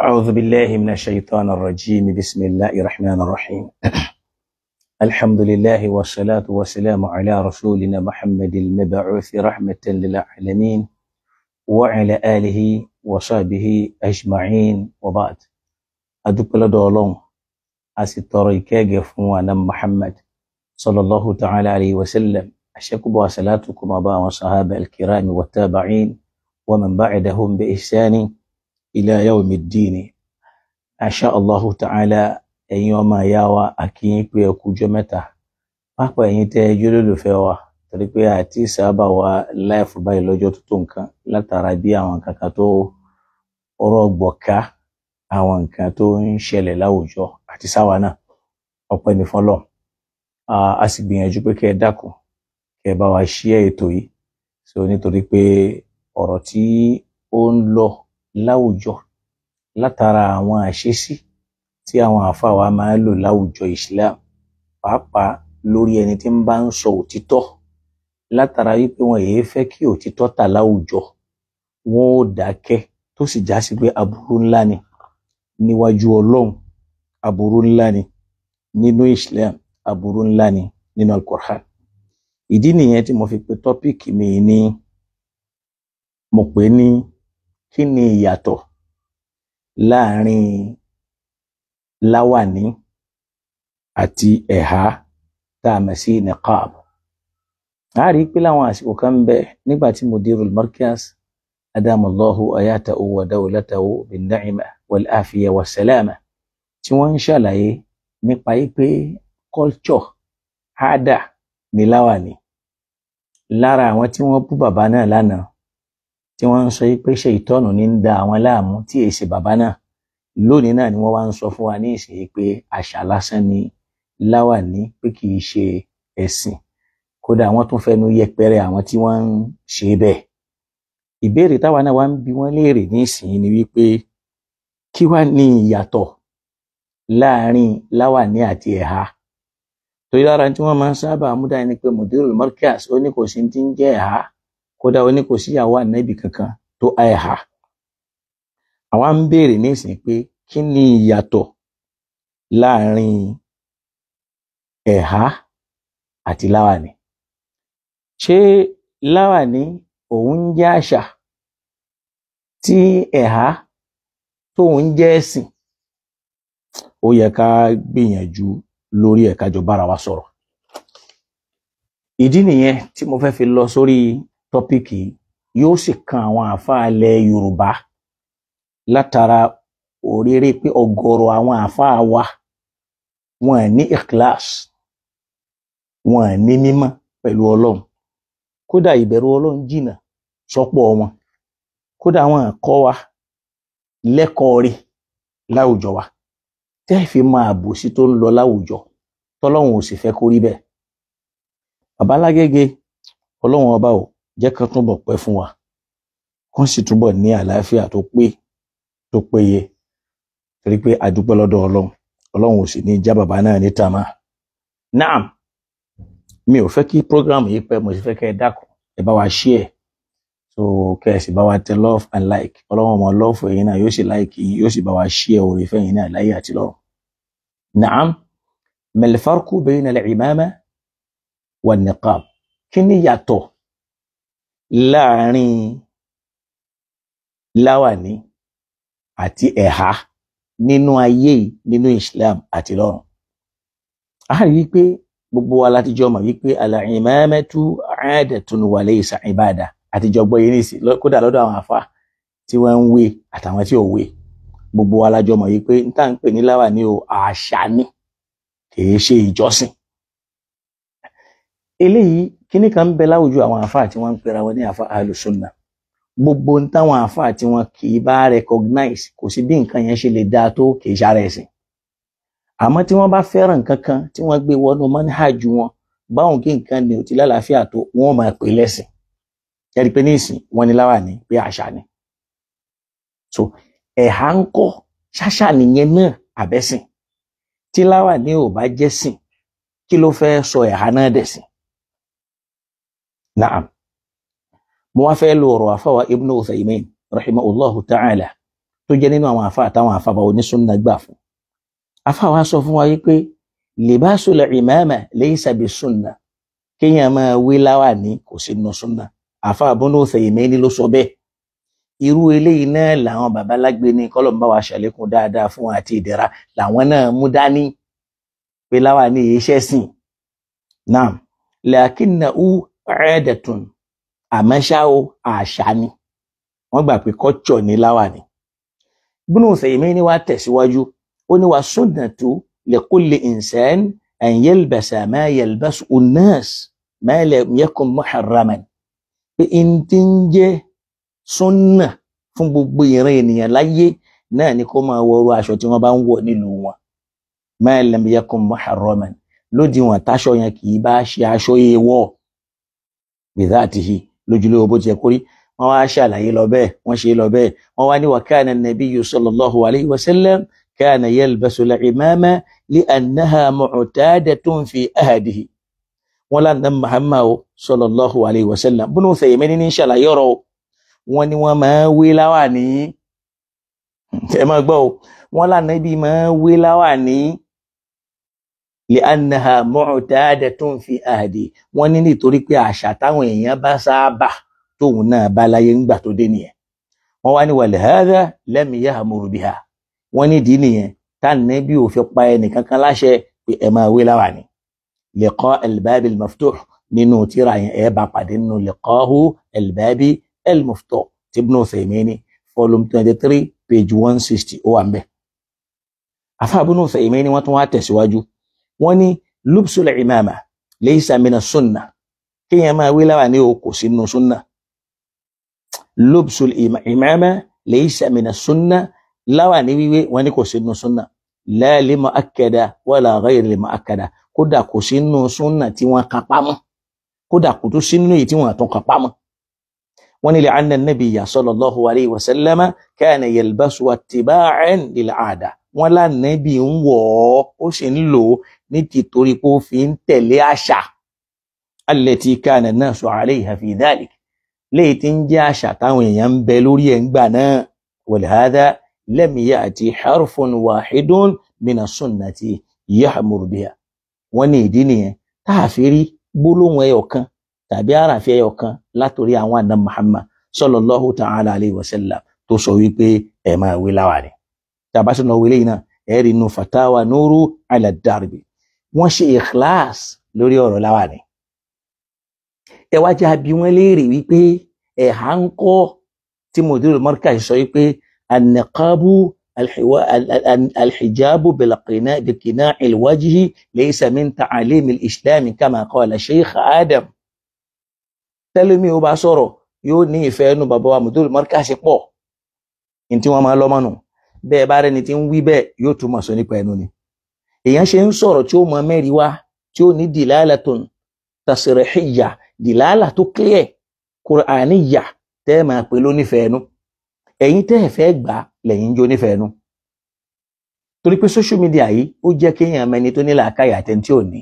أعوذ بالله من الشيطان الرجيم بسم الله الرحمن الرحيم الحمد لله والصلاة والسلام على رسولنا محمد المبعوث رحمة للعالمين وعلى آله وصحبه أجمعين وبعد أدوك لدولون أستطري كيف وانا محمد صلى الله تعالى عليه وسلم أشكب وصلاتكم أبا وصحابة الكرام والتابعين ومن بعدهم بإحسان ila yawmiddini àṣà Allahu ta'ala ẹ̀yin ọmọ ìyá wa àkíyín pé ẹ kújọ mẹ́ta pápá ẹ̀yin tẹ́ ẹjọ́ lólùfẹ́ wa torí pé àti sábà wa láìfù báyìí lọ́jọ́ tó tó nǹkan látara bí àwọn kankan tó ọ̀rọ̀ gbọ̀ká àwọn nǹkan tó ń ṣẹlẹ̀ láwùjọ àti sáwa náà ọpẹ́ ní fọlọ́ a sì gbìyànjú pé kẹ́ ẹ dákun kẹ́ ẹ bá wa ṣí ètò yìí so nítorí pé ọ̀rọ̀ tí ó ń lọ láwùjọ látara àwọn àṣesí tí àwọn àáfàá wa máa ń lò láwùjọ Islam pàápàá lórí ẹni tí ń bá ń sọ òtítọ́ látara wípé wọn èé fẹ́ kí òtítọ́ tà láwùjọ wọn ò dákẹ́ tó sì já sí pé aburú ńlá ni níwájú Ọlọ́run aburú ńlá ni nínú Islam aburú ńlá ni nínú Al-Qur'an ìdí nìyẹn tí mo fi pe tọ́píìkì mi ní mo pè ní kí ni ìyàtọ̀ láàrin láwàní àti ẹ̀há tá a mọ̀ sí niqab a rí i pé láwọn àsìkò kan ń bẹ nígbà tí mudirul markaz adamallahu ayatahu wa dawlatahu bin na'ima wal afiya wa salama tí wọ́n ń ṣàlàyé nípa pé culture ada ni láwàní lára àwọn tí wọ́n bú bàbá náà lánàá tí wọ́n ń sọ pé ṣe ìtọ́nù ní ń da àwọn láàmú tí èsì bàbá náà lónìí náà ni wọ́n wá ń sọ fún wa ní ìsìn pé àṣà lásán ni láwàní pé kì í ṣe ẹ̀sìn kódà wọ́n tún fẹnu yẹpẹrẹ àwọn tí wọ́n ń ṣe bẹ́ẹ̀ ìbéèrè táwa náà wá ń bi wọ́n léèrè ní ìsìn ni wípé kí wá ní ìyàtọ̀ láàrin láwàní àti ẹ̀ha torí lára tí wọ́n máa ń sábà mú dání pé mùdírù ó ní kò sí ti ń jẹ́ ẹ̀ha kódà ó ní kò síyàwó ànábì kankan tó àìhà àwa ń béèrè nísìnyí pé kí ni ìyàtọ̀ láàrin ẹ̀há àti láwàní ṣé láwàní òun jẹ́ àṣà tí ẹ̀há tóun jẹ́ ẹ̀sìn ó yẹ ká gbìyànjú lórí ẹ̀ka jọ bára wa sọ̀rọ̀ ìdí nìyẹn tí mo fẹ́ fi lọ sórí tọ́píkì yóò sì kan àwọn àáfàá ilẹ̀ yorùbá látara òréré pé ọ̀gọ̀rọ̀ àwọn àáfàá wa wọn ní ikhlas wọn ní mímọ́ pẹ̀lú ọlọ́run kódà ìbẹ̀rù ọlọ́run jìnnà sọ́pọ̀ wọn kódà wọn kọ́ wa lẹ́kọ̀ọ́ rí láwùjọ wa tẹ́ fi máa bòsí tó ń lọ láwùjọ tọ́lọ́run ò sì fẹ́ kó bẹ́ẹ̀ babalágége ọlọ́run ọba o jẹ́ kán túnbọ̀ pẹ́ fún wa kán sì túnbọ̀ ní àlàáfíà tó pé tó péye torí pé àdúpẹ́ lọ́dọ̀ ọlọ́run ọlọ́run ò sì ní já bàbá náà ní tàmá naam mi ò fẹ́ kí program yìí pẹ́ mo sì fẹ́ kẹ́ ẹ dákun ẹ bá wa share so kẹ́ ẹ sì bá wa tẹ love and like ọlọ́run ọmọ love ẹ̀yin náà yóò sì like yín yóò sì bá wa share oore fẹ́yìn náà láyé àti lọ́run naam mal farqu bayna al-imama wan niqab kí ni yàtọ̀ láàrin láwàní àti ẹ̀há nínú ayé yìí nínú Islam àti lọ́run. a rí i pé gbogbo wa láti jọ mọ̀ wípé al-imamatu aadatun wa laysa ibada àtijọ́ gbọ́ yìí nìsí kódà lọ́dọ̀ àwọn àfa tí wọ́n ń wé àtàwọn tí ò wé gbogbo wa lájọ mọ̀ wípé n tá à ń pè ní láwàní o àṣà ni kì í ṣe ìjọsìn eléyìí kíní kan ń bẹ láwùjọ àwọn àáfàá tí wọ́n ń pera wọn ní àáfàá alùsùnà gbogbo ń táwọn àáfàá tí wọ́n kì í bá recognize kò sí bí nǹkan yẹn ṣe lè dáa tó kì í ṣára ẹ̀sìn àmọ́ tí wọ́n bá fẹ́ràn nǹkan kan tí wọ́n gbé wọnú manhaj wọn báwọn kí nǹkan ní òtí lálàáfíà tó wọ́n máa pè lẹ́sìn yẹri pé ní ìsìn wọ́n láwà ní pé àṣà ni so ẹ̀há ń kọ́ ṣáṣà nìyẹn náà àbẹ́sìn tí láwà ní ò bá jẹ́sìn kí ló fẹ́ sọ ẹ̀há náà dẹ̀sìn Naam. Mo wá fẹ́ lo ọ̀rọ̀ àfáwà Ibn Uthaymin rahimahullahu ta'ala tó jẹ́ nínú àwọn àfáà táwọn àfáà onísúnná gbà fún. Àfáwà sọ fún wa yí pé libasul imama laysa bisunna kéèyàn máa wé láwàní kò sí nínú súnná. Àfáà Ibn Uthaymin ló sọ bẹ́ẹ̀. Irú eléyìí náà làwọn babalágbé ní kọ́lọ̀mbá wa ṣàlékún dáadáa fún àti ìdẹ̀ra làwọn náà mú dání pé láwàní yìí ṣẹ̀sìn. Naam. Lakinnahu ẹ̀ẹ́dẹ̀tún àmọ́ ṣá o àṣà ni wọ́n gbà pé kọ́tsọ̀ ní láwàní. Ibnu Uthaymeen wá tẹ̀síwájú ó ní wa sunnatu li kulli insan an yalbasa ma yalbasu an-nas ma lam yakun muharraman pé n ti ń jẹ́ súnà fún gbogbo ìran ènìyàn láyé náà ni kó máa wọrú aṣọ tí wọ́n bá ń wọ̀ nílùú wọn ma lam yakun lódiwọ̀n táṣọ yẹn kì í bá ṣe aṣọ èèwọ̀ bidhatihi lójúlówó bó ti yẹ kó rí wọn wá ṣàlàyé lọ bẹ́ẹ̀ wọn ṣe lọ bẹ́ẹ̀ wọn wá ní wa kana nabiyyu sallallahu alayhi wa sallam kana yalbasu al-imama li annaha mu'tadatun fi ahadihi wọn lànà muhammadu sallallahu alayhi wa sallam bínú fẹyẹmẹ ní ní ṣàlàyé ọ̀rọ̀ wọn ni wọn máa wé láwà ní ẹ máa gbọ́ wọn lànà ibi máa wé láwà ní li'annaha mu'tadatun fi ahdi wọ́n ní nítorí pé àṣà táwọn èèyàn bá sáábà tóun náà bá láyé ńgbà tó dé nìyẹn wọ́n wá ní walihadha lam ya'muru biha wọ́n ní dìí nìyẹn tánàbí ò fi pa ẹnìkan kan láṣẹ pé ẹ máa wé láwà ni liqa al-babi nínú tíra yẹn ẹ bá pàdé nínú liqahu al-babi al-maftuh tí Ibn Uthaymeen volume twenty three page one sixty ó wà ń bẹ̀ àfáà Ibn Uthaymeen wọ́n tún wá tẹ̀síwájú wọ́n ní lubsul imama laysa mina sunna kéèyàn máa wí láwà ní òkò sínú sunna lubsul imama laysa mina sunna láwà ní wíwé wọ́n ní kò sínú sunna la li muakkada wala ghayri li muakkada kódà kò sínú sunna tí wọ́n kan pamọ́ kódà kò tó sínú èyí tí wọ́n àtún kan pamọ́ wọ́n ní li'anna an-nabiyya sallallahu alayhi wa sallama kana yalbasu ittiba'an lil'ada wọ́n lánàá bí ń wọ̀ ọ́ ó sì ń lò ó ní tìtorí pé ó fi ń tẹ̀lé àṣà allati kana an-nasu 'alayha fi dhalik léyìí tí ń jẹ́ àṣà táwọn èèyàn ń bẹ lórí ẹ̀ ń gbà náà walhada lam ya'ti harfun wahidun min as-sunnati yahmur biha wọ́n ní ìdí nìyẹn tá a fi rí gbólóhùn ẹyọ tàbí àràfin ẹyọ látòrí àwọn àna Muhammad sallallahu ta'ala alayhi wa sallam tó sọ wípé ẹ máa wí láwàní tàbá sọ̀nà wílé yìí náà ẹ̀rí nu fatawa nuru ala darbi wọ́n ṣe ikhlas lórí ọ̀rọ̀ láwàní ẹ wá já bí wọ́n léèrè wípé ẹ̀há ń kọ́ tí mudirul markaz sọ wípé an-niqabu alhijabu bilqina'il wajhi laysa min ta'alimil islami kama qala sheikh adam tẹ́lómi ó bá sọ̀rọ̀ yóò ní ìfẹ́ ẹnu bàbá wa mudirul markaz ṣe pọ̀ ní tí wọ́n máa lọ́mọ́nù bẹ́ẹ̀ bá rẹni tí ń wí bẹ́ẹ̀ yóò túmọ̀ sọ nípa ẹnu ni èèyàn ṣe ń sọ̀rọ̀ tí ó mọ mẹ́rin wá tí ó ní dìláàlà tó ń tasirihiyya dìláàlà tó clear kùránìyà tẹ́ ẹ máa pè lónífẹ̀ẹ́ nu ẹ̀yin tẹ́ ẹ fẹ́ gbà lẹ́yìn jó nífẹ̀ẹ́ nu. torí pé social media yìí ó jẹ́ kéèyàn mẹni tó ní làákàyè àtẹni tí ò ní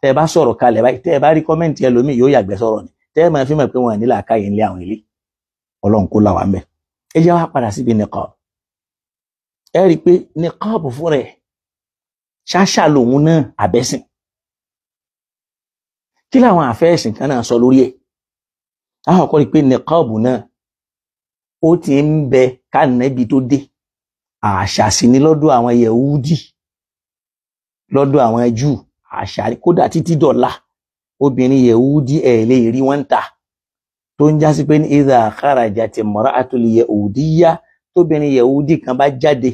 tẹ́ ẹ bá sọ̀rọ̀ kalẹ̀ báyìí tẹ́ ẹ bá rí kọ́mẹ́ǹtì ẹlòmíì yóò yàgbẹ́ sọ̀rọ̀ ni tẹ́ ẹ máa fi mọ̀ pé wọn ẹ̀ ṣáṣà lòun náà àbẹ́sìn kí làwọn àfẹ́ẹ̀sìn kan náà sọ lórí ẹ̀ láwọn kọ́ ni pé nìkọ́ọ̀bù náà ó ti ń bẹ kánẹ́bí tó dé àṣà sì ni lọ́dọ̀ àwọn yẹ̀wúdì lọ́dọ̀ àwọn Júù àṣà kódà títí dọ̀la obìnrin yẹ̀wúdí ẹ̀ lè rí wọn ta tó ń já sí pé ní ìdá àkàràjà ti mọ̀rá àtòlì yẹ̀wúdí yá tóbìnrin yẹ̀wúdí kan bá jáde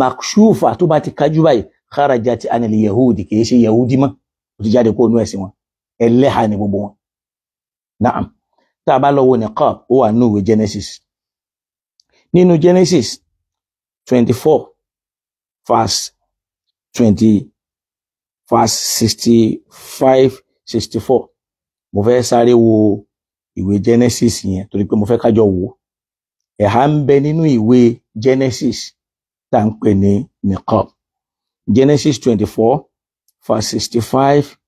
makṣúfà tó bá ti kájú báyìí kharajat anil yahudi kì í ṣe yahudi mọ́ ó ti jáde kó nu ẹ̀sìn wọn ẹlẹ́hà ni gbogbo wọn naam tá a bá lọ wo niqab ó wà nínú ìwé genesis nínú genesis twenty four verse twenty verse sixty five sixty four mo fẹ́ sáré wo ìwé genesis yẹn torí pé mo fẹ́ kájọ wò ẹ̀há ń bẹ nínú ìwé genesis tá à ń pè ní niqab Genesis twenty four verse sixty five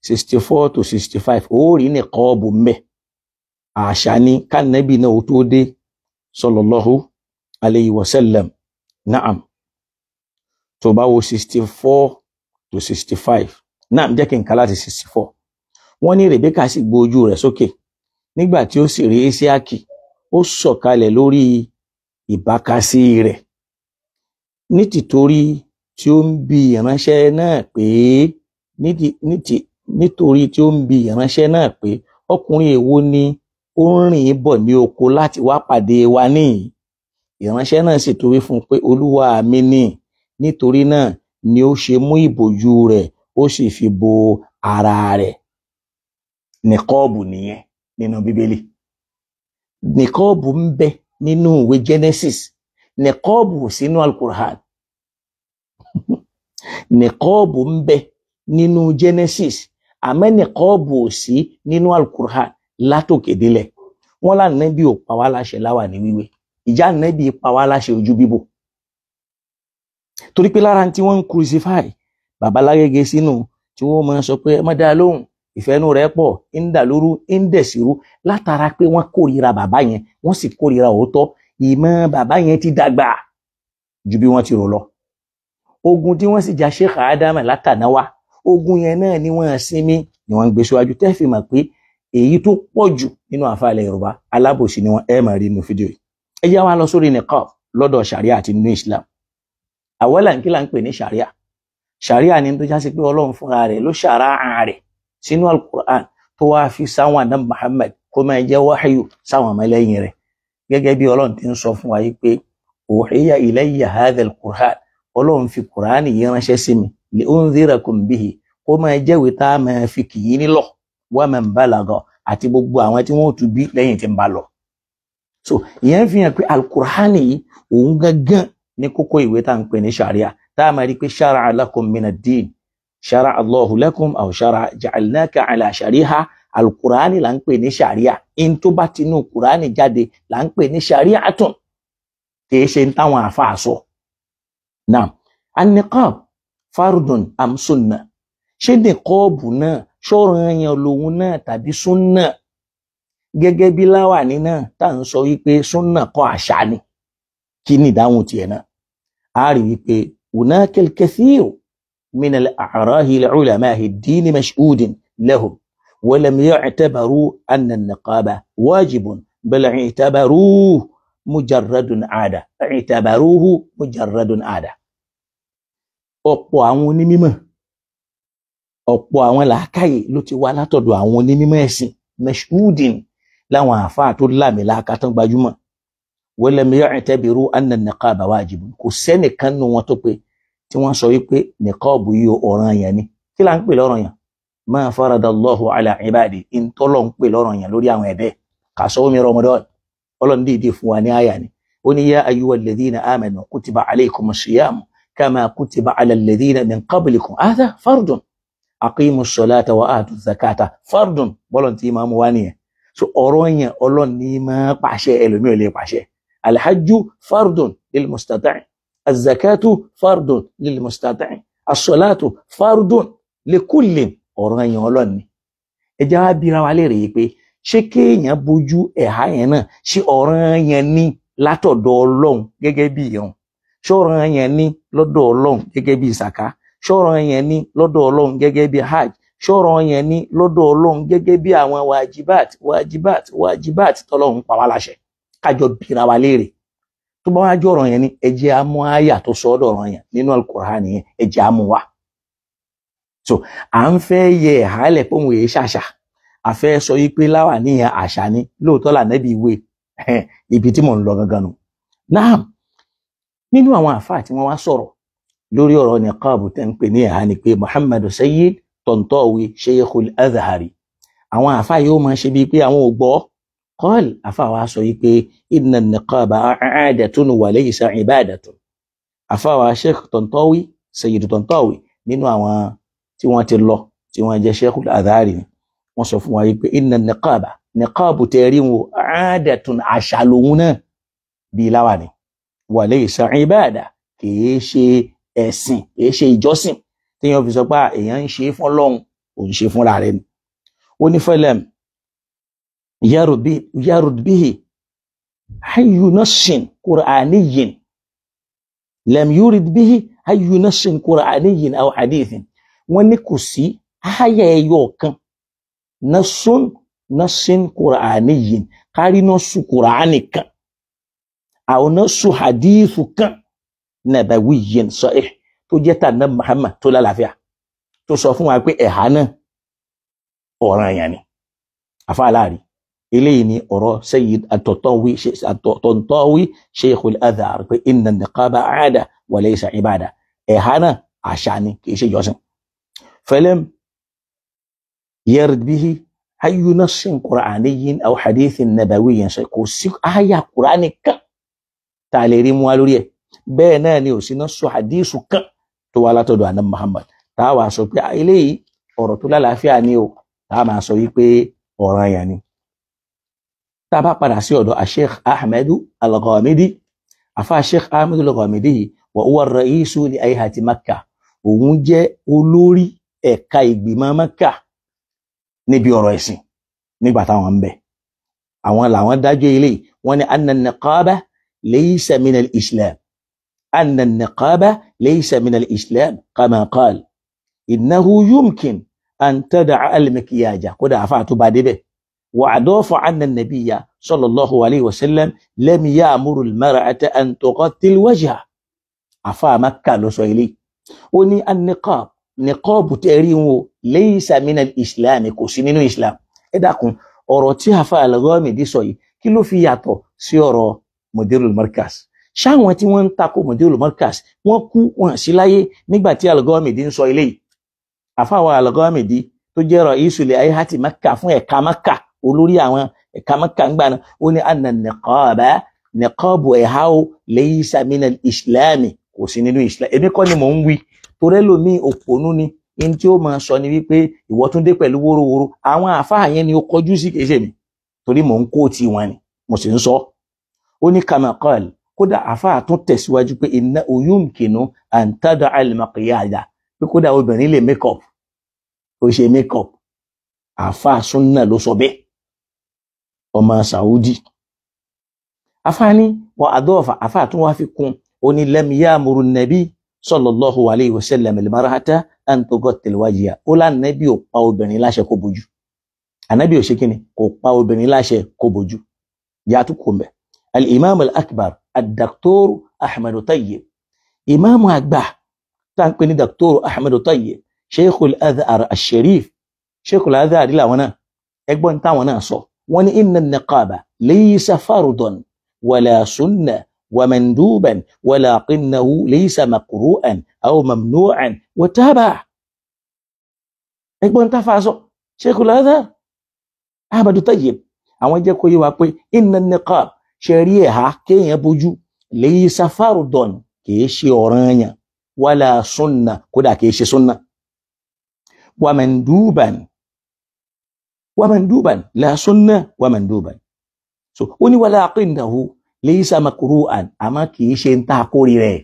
sixty four to sixty five orí ní kọ́ọ̀bù mbẹ́ àṣà ni kánẹ́bì náà ó tó dé sallallahu alayhi wa sallam naam tó bá wo sixty four to sixty five naam jẹ́ kí n kà láti sixty four wọ́n ní Rebeka sì gbójú rẹ̀ sókè nígbà tí ó sì rí Isiaki ó sọ̀kalẹ̀ lórí ìbákasí rẹ̀ ní tìtorí tí ó ń bi ìránṣẹ́ náà pé nítorí tí ó ń bi ìránṣẹ́ náà pé ọkùnrin èwo ni ó ń rìn bọ̀ ní oko láti wá pàdé wa níhìn ìránṣẹ́ náà sì tó wí fún un pé olúwa mi ni nítorí náà ni ó ṣe mú ìbòjú rẹ̀ ó sì fi bo ara rẹ̀ nìkọ́ọ̀bù nìyẹn nínú bíbélì nìkọ́ọ̀bù ń bẹ nínú ìwé Genesis nìkọ́ọ̀bù sínú alukur'an nìkọ́ọ̀bù ń bẹ nínú Genesis àmọ́ nìkọ́ọ̀bù ò sí nínú alukur'an látòkè délẹ̀ wọ́n lànàbí ò pa wá láṣẹ láwà ní wíwé ìjà nàbí pa wá láṣẹ ojú bíbò torí pé lára tí wọ́n ń crucify babalágége sínú tí wọ́n máa sọ pé ẹ má dá lóhùn ìfẹ́nu rẹ̀ pọ̀ ń dà lóru ń dẹ̀sìrú látara pé wọ́n kórìíra bàbá yẹn wọ́n sì kórìíra òótọ́ ìmọ̀ bàbá yẹn ti dàgbà ju bí wọ́n ti rò lọ ogun tí wọ́n sì jà Sheikh Adama látànáwá ogun yẹn náà ni wọ́n sinmi ni wọ́n ń gbé síwájú tẹ́ fi mọ̀ pé èyí tó pọ̀ jù nínú àfàlẹ̀ Yorùbá alábòsí ni wọ́n ẹ̀ máa rí inú fídíò yìí ẹ jẹ́ wá lọ sórí nìkan lọ́dọ̀ sharia àti nínú Islam àwọ̀là ń kí là ń pè ní sharia sharia ni tó já sí pé Ọlọ́run fúnra rẹ̀ ló ṣàrá rẹ̀ sínú alukur'an tó wáá fi sáwọn àdán Muhammad kó máa jẹ́ wáhíyù sáwọn ọmọlẹ́yìn rẹ̀ gẹ́gẹ́ bí Ọlọ́run ti ń sọ fún wa yìí pé uhiya ilayya hadha alukur'an ọlọ́run fi kùránì yìí ránṣẹ́ sí mi li unzirakum bihi kó máa jẹ́wèé tá a máa fi kì í nílọ̀ wa man balagha àti gbogbo àwọn tí wọ́n tún bí lẹ́yìn tí ń bá lọ. so ìyẹn fi hàn pé alukur'ani yìí òun gangan ní kókó ìwé tá à ń pè ní sharia tá a máa rí i pé shara'a lakum min ad-din shara'a Allahu lakum aw shara'a ja'alnaka ala shariha alukur'ani là ń pè ní sharia in tó bá tinú kur'ani jáde là ń pè ní shari'atun kì í ṣe ń táwọn àfa àsọ. So. نعم النقاب فرض أم سنة شيء النقاب هنا شرعي لونا تبي سنة جعبي لوانينا تنسوي كي سنة قاشاني كني داموتينا عارف كي هناك الكثير من الأعراه العلماء الدين مشؤود لهم ولم يعتبروا أن النقابة واجب بل اعتبروه mujarradun ada i'tabaruhu mujarradun ada ọ̀pọ̀ àwọn onímọ̀ ọ̀pọ̀ àwọn làákàyè ló ti wá látọ̀dọ̀ àwọn onímọ̀ ẹ̀sìn meshudin láwọn àáfàá tó láàmì láàkátán gbajúmọ̀ walam ya'tabiru anna niqaba wajibun kò sẹ́nìkan nù wọn tó pé tí wọ́n sọ wípé niqabu yìí ọ̀ranyàn ni kí là ń pè lọ́ranyàn ma faradallahu ala ibadi ìntọ́lọ́ ń pè lọ́ranyàn lórí àwọn ẹ̀bẹ́ kà sọ́wọ́mi rọmọdọ́ọ̀nì ọlọ́run dìde fún wa ní àyà ni ó ní yá ayúwa lèdínà amẹnu kùtìbà aleikum ṣìyàmù kàmà kùtìbà alẹ lèdínà min qablikum àtà fardun àkíyìmù sọláta wa àtù zakata fardun bọ́lọ̀n tí máa mú wá nìyẹn so ọ̀rọ̀ yẹn ọlọ́run ní máa pàṣẹ ẹlòmí ò lè pàṣẹ alhajju fardun lil mustata'i azakatu fardun lil mustata'i asọlátu fardun likullin ọ̀rọ̀ yẹn ọlọ́run ni ẹ jẹ́ wá bíra wa lè rèé pé ṣé kéèyàn bójú ẹ̀há yẹn náà ṣé ọ̀ràn yẹn ní látọ̀dọ̀ ọlọ́run gẹ́gẹ́ bí ìrun ṣọ̀ràn yẹn ní lọ́dọ̀ ọlọ́run gẹ́gẹ́ bí ìsàká ṣọ̀ràn yẹn ní lọ́dọ̀ ọlọ́run gẹ́gẹ́ bí hajj ṣọ̀ràn yẹn ní lọ́dọ̀ ọlọ́run gẹ́gẹ́ bí àwọn wajibat wajibat wajibat tọ́lọ́run pa wá láṣẹ kájọ bira wa léèrè tó bá wájú ọ̀ràn yẹn ní ẹ jẹ́ àyà tó sọ ọ́dọ̀ ọ̀ràn yẹn nínú Al-Qur'ani yẹn ẹ jẹ́ so à ń fẹ́ yẹ ẹ̀hálẹ̀ pé òun yẹn ṣàṣà àfẹ́ sọ yí pé láwà ní àṣà ni lóòótọ́ lànẹ́bí ìwé ibi tí mò ń lọ gangan nù. náà nínú àwọn àfáà tí wọ́n wá sọ̀rọ̀ lórí ọ̀rọ̀ ní káàbù tẹ́ ń pè ní ẹ̀há ni pé muhammadu sayyid tontowi sheikhul azhari àwọn àfáà yóò máa ṣe bíi pé àwọn ò gbọ́ kọ́ọ̀lì àfáà wa sọ yí pé inna niqaba a'adatun wa laysa ibadatun àfáà wa sheikh tontowi sayyid tontowi nínú àwọn tí wọ́n ti lọ tí wọ́n jẹ́ sheikhul azhari ni wọ́n sọ fún wa yìí pé iná nìkàbà nìkàbù tẹ rí wo àádẹ́tun àṣà lòun náà bíi láwà ni wàlẹ́ ìsàn ìbáàdà kìí ṣe ẹ̀sìn kìí ṣe ìjọsìn téèyàn fi sọ pé èèyàn ń ṣe fún Ọlọ́run ò ṣe fúnra rẹ̀ ni ó ní fẹlẹm yarudbihi hayunasin kuraniyin lẹm yuridbihi hayunasin kuraniyin aw hadithin wọ́n ní kò sí ahaya ẹyọ nasun nasin kùránì yìí kárí nasu kùránì kan àwọn nasu hadithu kan nàbàwí yìí sahih tó jẹ́ tà ná Muhammad tó lálàáfíà tó sọ fún wa pé ẹ̀há náà ọ̀ràn yẹn ni àfàlàrí eléyìí ni ọ̀rọ̀ Sayyid At-Tantawi Sheikhul Azhar pé inna niqaba aada wa laysa ibada ẹ̀há náà àṣà ni kì í ṣe yẹrì bíi ayúná sí nkùránì yìí àwọn hadith nàbàwí yẹn sọ kò sí àyà kùránì kan tá a lè rí mu alórí ẹ bẹ́ẹ̀ náà ni ò sí náà sọ hadith kan tó wà látọ̀dọ̀ àná Muhammad tá a wàá sọ pé eléyìí ọ̀rọ̀ tó lálàáfíà ni o tá a máa sọ yìí pé ọ̀ràn yẹn padà sí ọ̀dọ̀ Sheikh Ahmadu al afa Sheikh Ahmadu Al-Ghamidi yìí wa huwa ar-raisu li hay'ati òun jẹ́ olórí ẹ̀ka ìgbìmọ̀ Makkah níbi ọ̀rọ̀ ẹ̀sìn nígbà táwọn ń bẹ àwọn làwọn dájọ́ ilé wọn ni anna niqaba laysa min al-islam anna niqaba laysa min al-islam kama qal innahu yumkin an tada'a al-mikyaja kódà àfa àtúbà débẹ̀ wa adafa anna an-nabiyya sallallahu alayhi wa sallam lam ya'muru al-mar'ata an tughatti al àfa àmàkà ló sọ ilé ó ní an niqab nìkọ́ọ̀bù tẹ́ rí wọn lẹ́yìn sàmínà ìsìláàmù kò sí nínú ìsìláàmù ẹ dákun ọ̀rọ̀ tí afa alghomidi sọ yìí kí ló fi yàtọ̀ sí ọ̀rọ̀ mudirul markas ṣáwọn tí wọ́n ń takò mudirul markas wọ́n kú wọn sí láyé nígbà tí alghomidi ń sọ eléyìí afa wa alghomidi tó jẹ́ ọ̀rọ̀ ìṣúlẹ̀ ayéhàtì maka fún torí ẹlòmíì òpònú ni in tí ó máa sọ ni wípé ìwọ pẹ̀lú wórówóró àwọn àfáà yẹn ni ó kọjú sí kìí mi torí mò ń kó tí wọn ni mo sì ń sọ ó ní kamakal kódà àfáà tún tẹ̀síwájú pé iná oyún kìnnú àǹtádọ àlùmọkìyàdà pé kódà obìnrin lè make up ó ṣe make up àfáà súnà ló sọ bẹ́ẹ̀ ọmọ Saudi àfáà ní wọn àdó àfáà tún wá fi kún ó ní lẹmíyà múru nẹbí صلى الله عليه وسلم المرأة أن تغطي وجهها أولا نبيو أو بني لاشة كبوجو النبي شكيني أو بني لاشة كبوجو جاتو كومب الإمام الأكبر الدكتور أحمد طيب إمام أكبر تنكني دكتور أحمد طيب شيخ الأذار الشريف شيخ الأذار لا وانا أكبر انتا وانا صو وان إن النقابة ليس فرضا ولا سنة ومندوبا ولكنه ليس مقروءا او ممنوعا وتابع ايبو انت فاسو شيخ الازهر احمد أنا اوان جاكو وابوي ان النقاب شريحة كي يبوجو ليس فرض كيشي اورانيا ولا سنة كدا كيشي سنة ومندوبا ومندوبا لا سنة ومندوبا سو so, وني ولا قنده léyìísà makuru àn àmọ́ kì í ṣe ń ta àkórí rẹ̀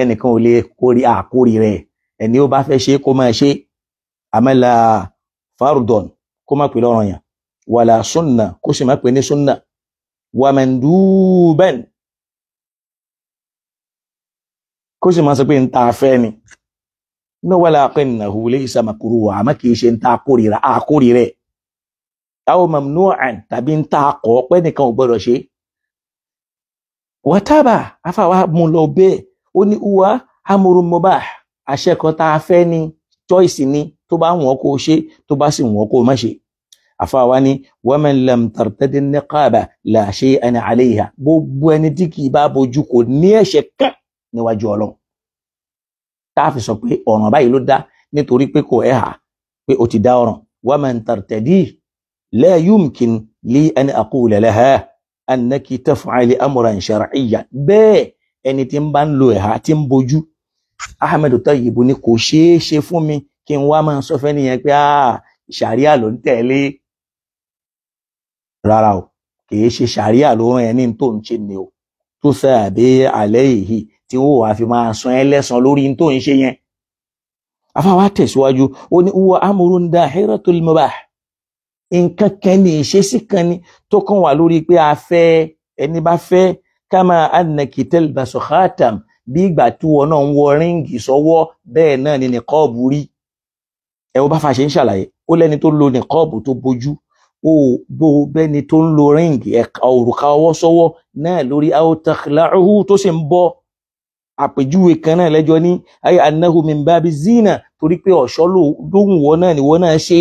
ẹnìkan ò lè kórí àkórí rẹ̀ ẹni ó bá fẹ́ ṣe kó máa ṣe àmàlà farudon kó má pè lọ́rọ̀ yàn wàlà sunna kó sì má pè ní sunna wàmẹ̀ndúbẹ̀n kó sì máa sọ pé ń ta afẹ́ ni ní wàlà àpẹnìnàhù léyìísà makuru àmọ́ kì í ṣe ń ta àkórí rẹ̀ àwọn mamnu'an tàbí ń ta akọ̀ pẹ́nìkan ò gbọ́dọ̀ ṣe wọ́tábà afáwa mú lọ bẹ́ẹ̀ ó ní uwa amúrú mọ́bà àṣẹ kan tá a fẹ́ ni choice ni tó bá wọ́n kó ṣe tó bá sì wọ́n kó má ṣe àfáwa ni waman lam tartadi niqaba la shay'an alayha gbogbo ẹni tí kì í bá bojú kò ní ẹ̀ṣẹ̀ kan níwájú Ọlọ́run tá a fi sọ pé ọ̀ràn báyìí ló dá nítorí pé kò ẹ̀hà pé ó ti dá ọ̀ràn waman tartadi la yumkin li an aqula laha annaki taf'ali amran shar'iyyan bẹ́ẹ̀ ẹni tí ń bá ń lo ẹ̀há tí ń bojú ahmed tayyib ni kò ṣeé ṣe fún mi kí n wá máa sọ fẹ́ nìyẹn pé ṣàríà ló ń tẹ̀lé rárá o kìí ṣe ṣàríà ló rán ẹni tó ń ṣe ni o tó sàbẹ alẹ́ èyí tí ó wàá fi máa san ẹlẹ́san lórí tó ń ṣe yẹn afáwa tẹ̀síwájú ó ní huwa amrun dahiratul mubah nǹkan kan ní ìṣesí kan ní tó kàn wà lórí pé a fẹ́ ẹni bá fẹ́ ká máa anaki tẹlifasọ khatam bí ìgbà tí wọn náà ń wọ ríǹgì sọ́wọ́ bẹ́ẹ̀ náà ni nìkọọbù rí ẹ wo bá fa ṣe ń ṣàlàyé ó lẹni tó lo nìkọọbù tó bójú ó bó bẹni tó ń lo ríǹgì ẹka òrùka ọwọ́ sọ́wọ́ náà lórí aotakhlaruhu tó sì ń bọ àpèjúwe kan náà lẹjọ ní ayé anahu min babi zina torí pé ọ̀ṣọ́ lóhùn wọn náà ni wọn náà ṣe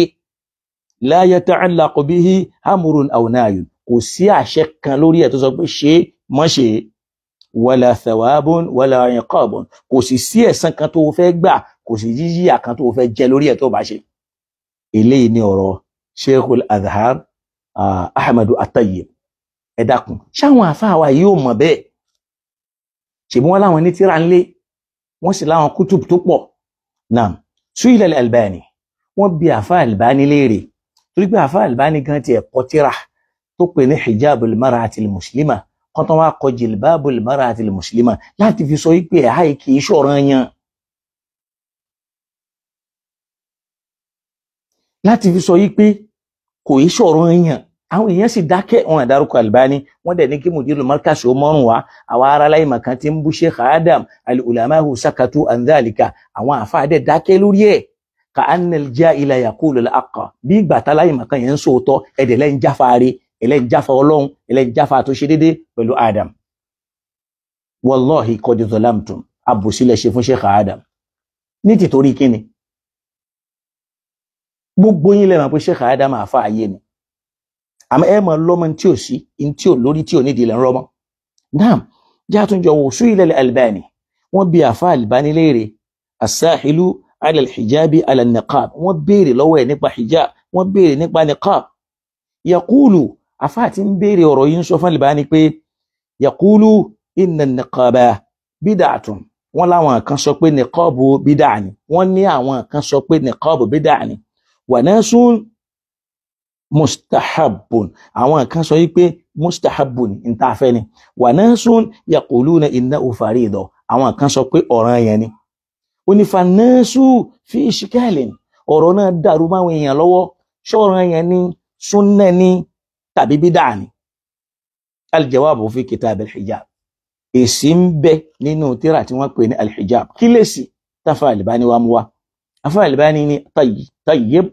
la yata'allaqu bihi amrun aw nahyun kò sí àṣẹ kan lórí ẹ̀ tó sọ pé ṣe mọ́ ṣe wala thawabun wala iqabun kò sì sí ẹ̀san kan tó fẹ́ gbà kò sì yíyíyà kan tó fẹ́ jẹ lórí ẹ̀ tó bá ṣe eléyìí ni ọ̀rọ̀ Sheikhul Azhar Ahmadu At-Tayyib ẹ dákun ṣáwọn àfáàwà yìí ò mọ̀ bẹ́ẹ̀ ṣèbí wọn láwọn ní tíra ńlé wọn sì láwọn kútùb tó pọ̀ náà suhila Al-Albani wọn bi àfáà Albani léèrè torí pé àfa Albani gan ti ẹ̀kọ́ tíra tó pè ní hijabul mar'atil muslima kan tó wá kọ jilbabul mar'atil muslima láti fi sọ wípé ẹ̀há yìí kì í ṣọ̀ràn yan. láti fi sọ wípé kò í ṣọ̀ràn yan àwọn èèyàn sì dákẹ́ wọn àdárúkọ Albani wọn dẹ̀ ní kí mudiru markazi ó mọ́rùn wá àwọn ará láìmọ̀ kan ti ń bú Sheikh Adam al-ulamahu sakatu an àwọn àfa dẹ̀ dákẹ́ lórí ẹ̀ ka anil jahila yaqulu al-haqqa bí ìgbà táláyìn màkàn yẹn ń sòótọ́ ẹ̀dẹ̀ lẹ́yìn jáfaare ẹlẹ́yìn jáfa ọlọ́run ẹlẹ́yìn jáfa tó ṣe déédéé pẹ̀lú adam wallahi qad zalamtum abùsílẹ̀ ṣe fún sheikh adam ní tìtorí kíni gbogbo yín lẹ́mọ̀ pé sheikh adam àfa ayé ni àmọ́ ẹ mọ̀ lọ́mọ tí ò sí tí ò lórí tí ò nídìí lẹ́ ń rọ́mọ́ naam jáàtúnjọ wò sú ilẹ̀ albani wọ́n bi àfa albani léèrè asahilu alal hijabi alal niqab wọ́n béèrè lọ́wọ́ ẹ̀ nípa hijab wọ́n béèrè nípa niqab yakulu afa ti ń béèrè ọ̀rọ̀ yìí ń sọ fún Albani pé yakulu inna niqaba bid'atun wọ́n láwọn kan sọ pé niqabu bid'a ni wọ́n ní àwọn kan sọ pé niqabu bid'a ni wa nasun mustahabun àwọn kan sọ wípé mustahabun ntàfẹ́ ni wa nasun yaquluna innahu faridun àwọn kan sọ pé ọ̀ranyàn ni onífanáṣù fi ìṣíkàlẹ̀ ọ̀rọ̀ náà dàrú máwọn èèyàn lọ́wọ́ ṣọ́ọ̀rọ̀ yẹn ní súnnà ní tàbí bídà ni aljawabu fi kitab alhijab èsì ń bẹ nínú tíra tí wọ́n pè ní alhijab kí lèsì tafa alibani wa mú wa afa alibani ni tayyib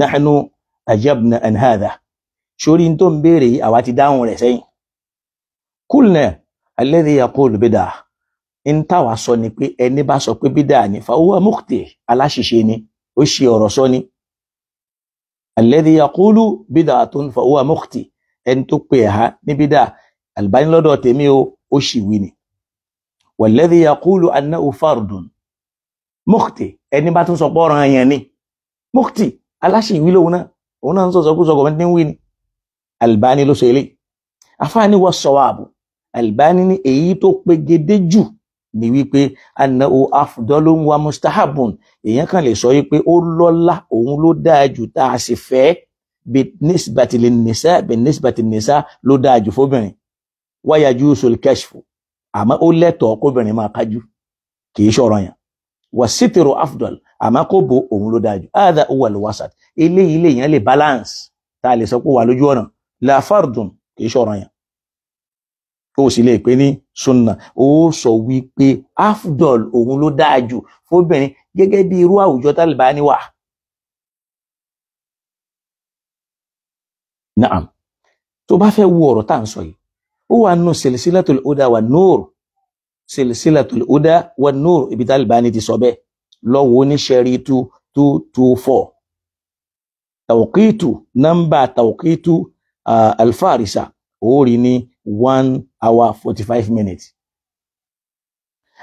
nahnu ajabna an hadha sórí tó ń béèrè yìí àwa ti dáhùn rẹ̀ sẹ́yìn kulna alladhi yaqulu bid'ah ń táwa sọ ni pé ẹni bá sọ pé bídà ni fàwọn mukti aláṣìṣe ni ó ṣe ọ̀rọ̀ sọ ni alladhi yaqulu bid'atun fàwọn mukti ẹni tó pe ẹ̀há ní bídà Albani lọ́dọ̀ tèmi o ó ṣì wí ni walladhi yaqulu annahu fardun mukti ẹni bá tún sọ pé ọ̀ràn yẹn ni mukti aláṣìwí lòun náà òun náà ń sọ̀sọ̀ kú sọ̀kọ̀ mẹ́tí ń wí ni Albani eléyìí afáàní wọ sọ̀wọ́ àbò Albani èyí tó pegedé jù ni wípé anao afdolun wa mustahabun èèyàn kan lè sọ wípé ó lọ́lá òun ló dáa jù tá a sì fẹ́ binisbati linisa binisbati nisa ló dáa jù fóbìnrin wáyájú solkeshfu àmọ́ ó lẹ́tọ̀ọ́ kóbìnrin máa kájú kì í ṣọ̀rọ̀ yẹn wasitiru afdol àmọ́ kó bo òun ló dáa jù áàdà owó àlùwàsàt eléyìí lè yẹn lè balance tá a lè sọ pé wà lójú ọ̀nà la kì í ṣọ̀rọ̀ yẹn ó sì lè pè ní sunna ó sọ wípé afdol òun ló dáa jù fóbìnrin gẹ́gẹ́ bí irú àwùjọ tálíbà ni wà. naam tó bá fẹ́ wo ọ̀rọ̀ tá à ń sọ yìí ó wà nù silsilatul huda wa nur silsilatul huda wa nur ibi tálíbà ni ti sọ bẹ́ẹ̀ lọ́wọ́ oníṣẹ́rí two two two four tawqitu nọ́mbà tawqitu ah, alfarisa ó rí one hour forty five minutes.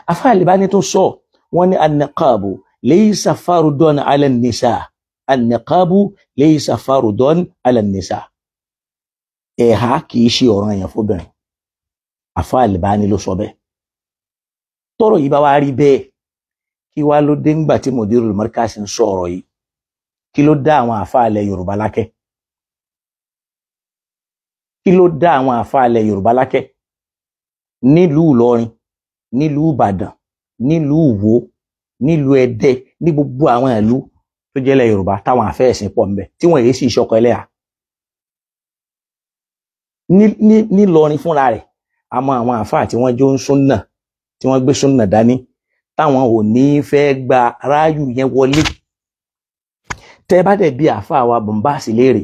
afa Albani tó sọ wọn ní an-niqabu laysa fardan ala an-nisa an-niqabu laysa fardan ala an-nisa. ẹ̀ha kìí ṣe ọ̀ràn yẹn fóbìnrin afa Albani ló sọ bẹ́ẹ̀ tọ́rọ̀ yìí bá wá rí bẹ́ẹ̀ kí wá ló dé ńgbà tí mudirul markaz ń sọ ọ̀rọ̀ yìí kí ló dá àwọn afa ilẹ̀ kí ló dá àwọn àfa ilẹ̀ yorùbá lákẹ́ nílùú ìlọrin nílùú ìbàdàn nílùú ìwó nílùú ẹdẹ ní gbogbo àwọn ìlú tó jẹ́lẹ̀ yorùbá táwọn àfẹ́ ẹ̀sìn pọ̀ ńbẹ tí wọ́n èyí sì ṣọkọ ẹlẹ́yà nílọrin fúnra rẹ̀ àmọ́ àwọn àfa tí wọ́n jó ń súnà tí wọ́n gbé súnà dání táwọn ò ní fẹ́ gba ráàyù yẹn wọlé tẹ́ bá dẹ̀ bí àfa wa bọ̀m̀bá sí léèrè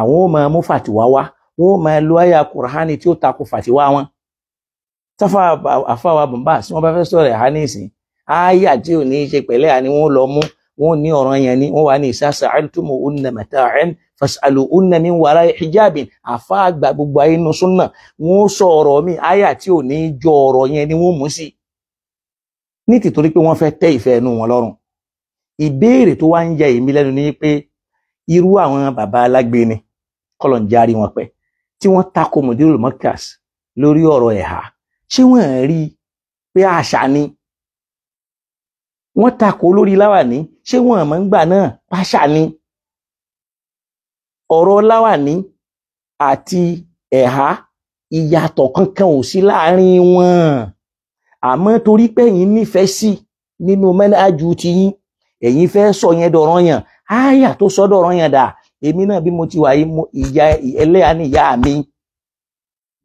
àwọn ò máa mú fàtìwá wá wọn ò máa lo àyà kùránì tí ó takò fàtiwá wọn táfà àfàwà bàbá tí wọn bá fẹ́ sọ̀rọ̀ ẹhà nísìn àyà tí ò ní í ṣe pẹ̀lẹ́ àní wọn lọ mú wọn ní ọ̀rọ̀ yẹn ni wọn wà ní ìsásà àìtúmọ ònà mata'an fasalu ònà min hijabin àfà àgbà gbogbo ayé nu súnà wọn sọ mi àyà tí ò ní í jọ ọ̀rọ̀ yẹn ni wọn mú sí ní tìtorí pé wọn fẹ́ tẹ́ ìfẹ́ ẹnu wọn lọ́rùn ìbéèrè tó wá ń jẹ èmi lẹ́nu ni pé irú àwọn bàbá alágbe ni ń járí wọn pẹ́ tí wọ́n tako mùdírù mọ́kàs lórí ọ̀rọ̀ ẹ̀hà ṣé wọ́n rí i pé àṣà ni wọ́n tako lórí láwàní ṣé wọ́n mọ̀ ń gbà náà pàṣà ni ọ̀rọ̀ láwàní àti ẹ̀há ìyàtọ̀ kankan ò sí láàrin wọn àmọ́ torí pé ẹ̀yin nífẹ̀ẹ́ sí nínú mẹ́nájú tiyín ẹ̀yin fẹ́ sọ yẹn dọ̀rọ̀ yàn ááyà tó sọ dọ̀rọ̀ yàn dà èmi náà bí mo ti wà yìí ìyá ẹlẹ́yà ni ìyá mi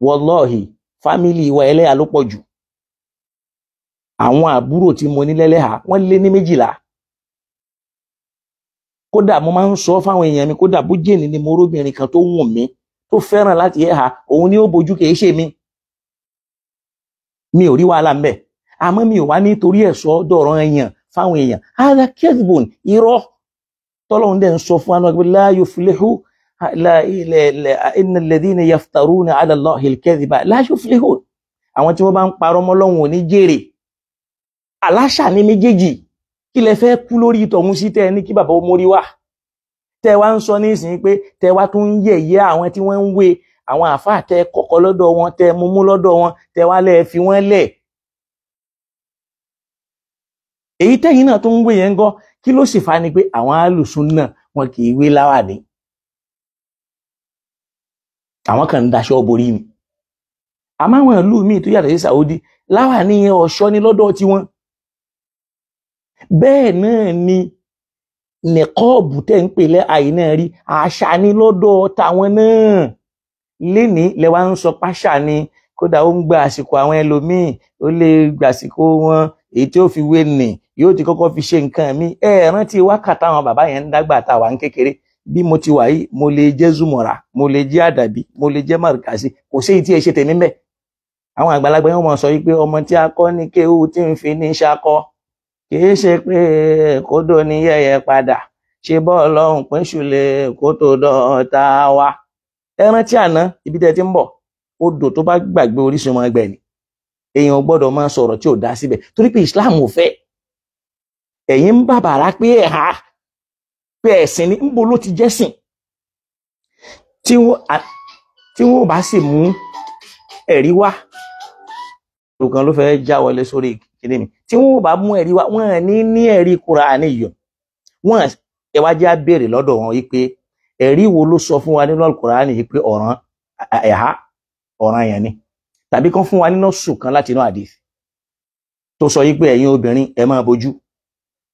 wọlọ́ọ̀hì fámìlì wa ẹlẹ́yà ló pọ̀ jù àwọn àbúrò tí mo ní lẹ́lẹ́hà wọ́n lé ní méjìlá kódà mo máa ń sọ fáwọn èèyàn mi kódà bó ni mo róbìnrin kan tó wùn mí tó fẹ́ràn láti ẹ̀hà òun ni ó bojú kìí ṣe mi mi ò rí wàhálà ń bẹ̀ àmọ́ mi ò wá nítorí ẹ̀ sọ dọ̀rọ̀ èèyàn fáwọn èèyàn ara kẹ́sìbòn irọ́ tọ́lọ́run dẹ̀ ń sọ fún anú agbẹ́ la yuflihu innal ladhina yaftaruna ala Allahi al-kadhiba la yuflihu àwọn tí wọ́n bá ń parọ́ mọ́ Ọlọ́run ò ní jèrè aláṣà ní méjèèjì kí lẹ fẹ́ kú lórí ìtọ̀hún sí tẹ́ ní kí bàbá mórí wà tẹ́ wá ń sọ nísìnyí pé tẹ́ wá tún ń yẹ̀yẹ́ àwọn tí wọ́n ń wé àwọn àfáà tẹ́ kọ́kọ́ lọ́dọ̀ wọn tẹ́ mumú lọ́dọ̀ wọn tẹ́ wá lẹ́ẹ̀ fi wọ́n lẹ̀ èyí tẹ́yìn náà tó ń wé yẹn ń gọ́ kí ló sì fa ni pé àwọn alùsùn náà wọn kì í wé láwàní àwọn kan ń daṣọ borí ni àmọ́ àwọn ìlú míì tó yàtọ̀ sí Saudi láwàní yẹn ọ̀ṣọ́ ni lọ́dọ̀ tiwọn bẹ́ẹ̀ náà ni nìkọ́ọ̀bù tẹ̀ ń pè lẹ́àyè rí àṣà ni lọ́dọ̀ tàwọn náà lénìí lẹ́wà ń sọ páṣà ni kódà ó ń gba àsìkò àwọn ẹlòmíì ó lè gbàsìkò wọn èyí tí ó fi wé nì yóò ti kọ́kọ́ fi ṣe nǹkan mi ẹ rántí wákàtà àwọn bàbá yẹn ń dágbà tá a wà ń kékeré bí mo ti wà yìí mo lè jẹ́ zumora mo lè jẹ́ àdàbí mo lè jẹ́ màrìkàsí kò sí ìtí ẹ ṣe tèmi mbẹ àwọn àgbàlagbà yẹn wọ́n sọ yìí pé ọmọ tí a kọ́ ní kéwú tí ń fi ní ṣakọ kìí ṣe pé kó dò ní yẹyẹ padà ṣe bọ́ọ̀lù ọ̀hún pín ṣùlẹ̀ kó tó dọ̀ọ̀ta wa ẹ rántí àná ibi tẹ́ ti ń bọ̀ odò tó bá gbàgbé orísun ọmọ ẹgbẹ́ ni èèyàn gbọ́dọ̀ máa sọ̀rọ̀ tí ò dá síbẹ̀ torí pé Islam ò fẹ́ ẹ̀yin ń bàbàrà pé ẹ̀há pé ẹ̀sìn ní níbo ló ti jẹ́sìn tí wọ́n bá sì mú ẹ̀rí wá olùkan ló fẹ́ já wọlé sórí kìnìún mi tí wọ́n bá mú ẹ̀rí wá wọ́n ní ní ẹ̀rí Kùránì yọ wọ́n ẹ wá já béèrè lọ́dọ̀ wọn yìí pé ẹ̀rí wo ló sọ fún wa nínú Kùránì yìí pé ọ̀ràn ẹ̀há ọ̀ràn yẹn ni tàbí kán fún wa nínú sùn kan láti inú àdìsí tó sọ yí pé ẹ̀yin obìnrin ẹ máa bójú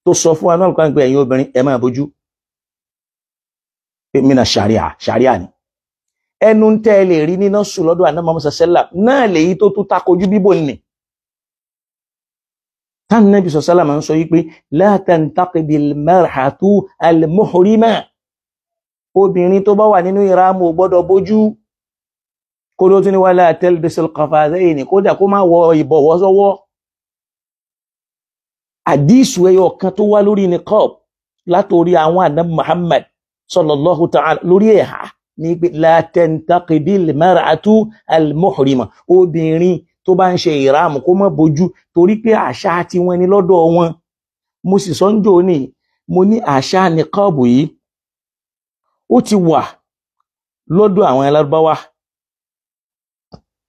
tó sọ fún wa náà kan pé ẹ̀yin obìnrin ẹ máa bójú pé mí na ṣàríà ṣàríà ni ẹnu ń tẹ́ ẹ lè rí nínú sùn lọ́dọ̀ ànámọ́mọ́sá sẹ́là náà lèyí tó tún takojú bíbò nì tán nábì sọ sálàmà ń sọ yí pé la tantaqidil marhatu al obìnrin tó bá wà nínú ìramu gbọ́dọ̀ bójú kó ló tún ní wala talbisul qafazayni kódà kó má wọ ìbọ̀wọ́ sọ́wọ́ àdísù ẹyọ kan tó wá lórí niqab látòrí àwọn àná Muhammad sallallahu ta'ala lórí ẹ̀há ní pé la tantaqidil mar'atu al-muhrima obìnrin tó bá ń ṣe ìrààmù kó má bojú torí pé àṣà tí wọ́n ní lọ́dọ̀ wọn mo sì sọ ń jò ní mo ní àṣà niqab yìí ó ti wà lọ́dọ̀ àwọn alárúbáwá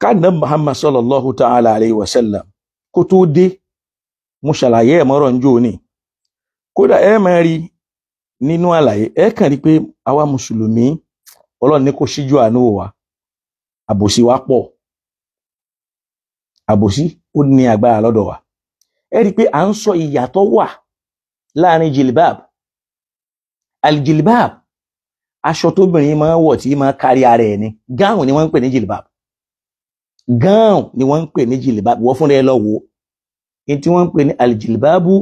kánà muhammad sallallahu ta'ala alayhi wa sallam kó tó dé mo ṣàlàyé ẹ̀ mọ́rọ̀ njó ni kódà ẹ máa rí nínú àlàyé ẹ kàn rí pé àwa mùsùlùmí ọlọ́run ní kó ṣíjú àánú wa àbòsí wa pọ̀ àbòsí ó ní agbára lọ́dọ̀ wa ẹ rí pé à ń sọ ìyàtọ̀ wà láàrin jilbab aljilbab aṣọ tóbìnrin máa ń wọ̀ tí máa kárí ara ẹ̀ ni gáàmù ni wọ́n ń pè ní jilbab gáàùn ni wọ́n ń pè ní jìlìbáàbù wọ́n fúnra ẹ lọ wò ní tí wọ́n ń pè ní àlìjìlìbáàbù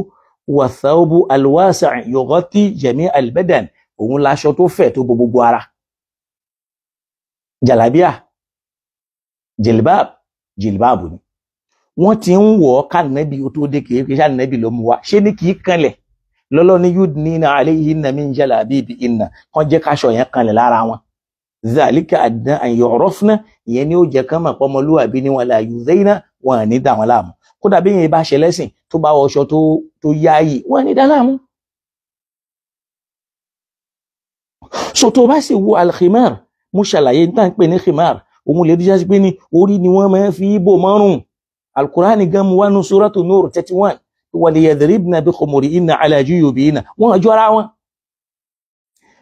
wàsáwùbù àlùwàsà yọ̀gọ́tì jẹ̀mí àlìbẹ́dàn òun laṣọ tó fẹ̀ tó bo gbogbo ara jàlábíà jìlìbáàbù jìlìbáàbù ni wọ́n ti ń wọ̀ ọ́ kánàbí o tó dé kéèké sánàbí ló mú wa ṣé ní kì í kanlẹ̀ lọ́lọ́ yudnina alayhinna min jalabibihinna kán jẹ́ káṣọ yẹn kanlẹ̀ lára wọn zàlíkà àdán àyàn ọ̀rọ̀ fúnná ìyẹn ni ó jẹ kán mọ̀ pọ́mọlúwàbí ni wọn là yù zẹ́yìnà wọn à ní dà wọn láàmú kódà bí yẹn bá ṣe lẹ́sìn tó bá wọṣọ tó tó yáàyè wọn à ní dà láàmú. so tó bá sì wo alkhimar mo ṣàlàyé ní tàn pé ní khimar òun lè díjà sí pé ní orí ni wọn máa fi bò mọ́rùn alukurani gan mu wánu suratu nur thirty one waliyadribna bi khumurihinna ala juyubihinna wọn àjọ ara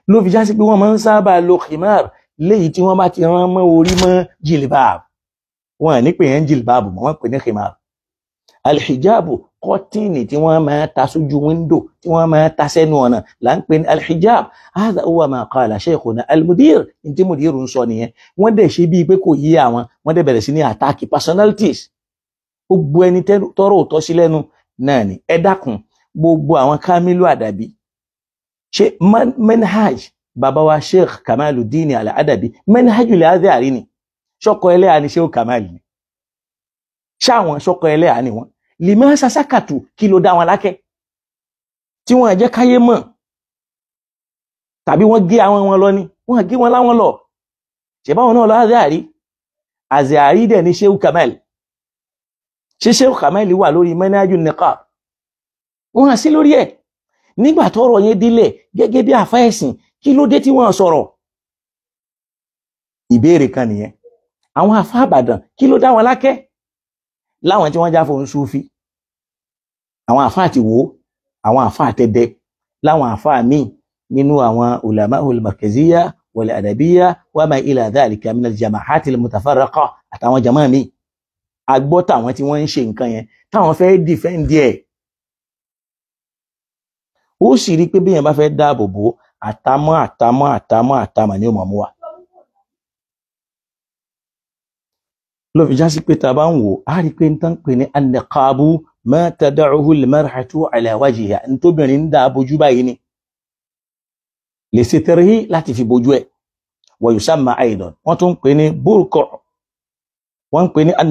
wọn fi já sí pé wọn máa ń lo khimar léyìí tí wọ́n bá ti rán mọ́ orí mọ́ jilbab wọn à ní pè yẹn jilbab mọ́ wọ́n pè ní khimar alhijabu kọ́tíìnì tí wọ́n máa ta sójú wíńdò tí wọ́n máa ta sẹ́nu ọ̀nà là ń pè ní alhijab hadha huwa ma qala shaykhuna almudir tí mudir ń sọ nìyẹn wọ́n dẹ̀ ṣe bíi pé kò yí àwọn wọ́n dẹ̀ bẹ̀rẹ̀ sí ní àtàkì personalities gbogbo ẹni tọrọ òtọ́ sí lẹ́nu náà ni ẹ dákun gbogbo àwọn kamilu àdàbí ṣe manhaj bàbá wa sheikh kamaludin al-adabi manhajul azhari ni ṣọkọ ẹlẹ́yà ni sheikh kamal ni ṣáwọn ṣọkọ ẹlẹ́yà ni wọn lèmi ṣaṣàkàtù kí ló dá wọn lákẹ́ tí wọn jẹ́ káyé mọ̀ tàbí wọ́n gé àwọn wọn lọ ni wọ́n gé wọn láwọn lọ ṣèbáwọn náà lọ azhari azhari dẹ̀ ni sheikh kamal ṣe sheikh kamal wà lórí manhajul niqab wọn hàn sí lórí ẹ̀ nígbà tọ́rọ̀ yẹn dílẹ̀ gẹ́gẹ́ bí àfáà kí ló dé tí wọ́n sọ̀rọ̀ ìbéèrè kan nìyẹn àwọn àfáàbàdàn kí ló dá wọn lákẹ́ láwọn tí wọ́n jáfọ ń súfí àwọn àfáà ti wò àwọn àfáà tẹdẹ láwọn àfáà míì nínú àwọn ulama olùmọkẹzíyà wal adabiyya wa ma ila dhalika min al-jama'at al-mutafarraqa àtàwọn jama mi agbọ́ táwọn tí wọ́n ń ṣe nǹkan yẹn táwọn fẹ́ dìfẹ́ǹdì ẹ̀ ó sì rí pé bí èèyàn bá fẹ́ dáàbò bò ó àtàmọ́ àtàmọ́ àtàmọ́ àtàmọ́ ni ó mọ̀ mú wa. ló fi já sí pé tá a bá ń wò á rí i pé n tán pè ní an-niqabu ma tada'uhu al-mar'atu ala wajhiha ntóbìnrin ń dá abojú báyìí ni lè ṣe tẹ̀rí fi bojú ẹ̀ wa yusamma aidan wọ́n tún pè ní burqa wọ́n pè ní an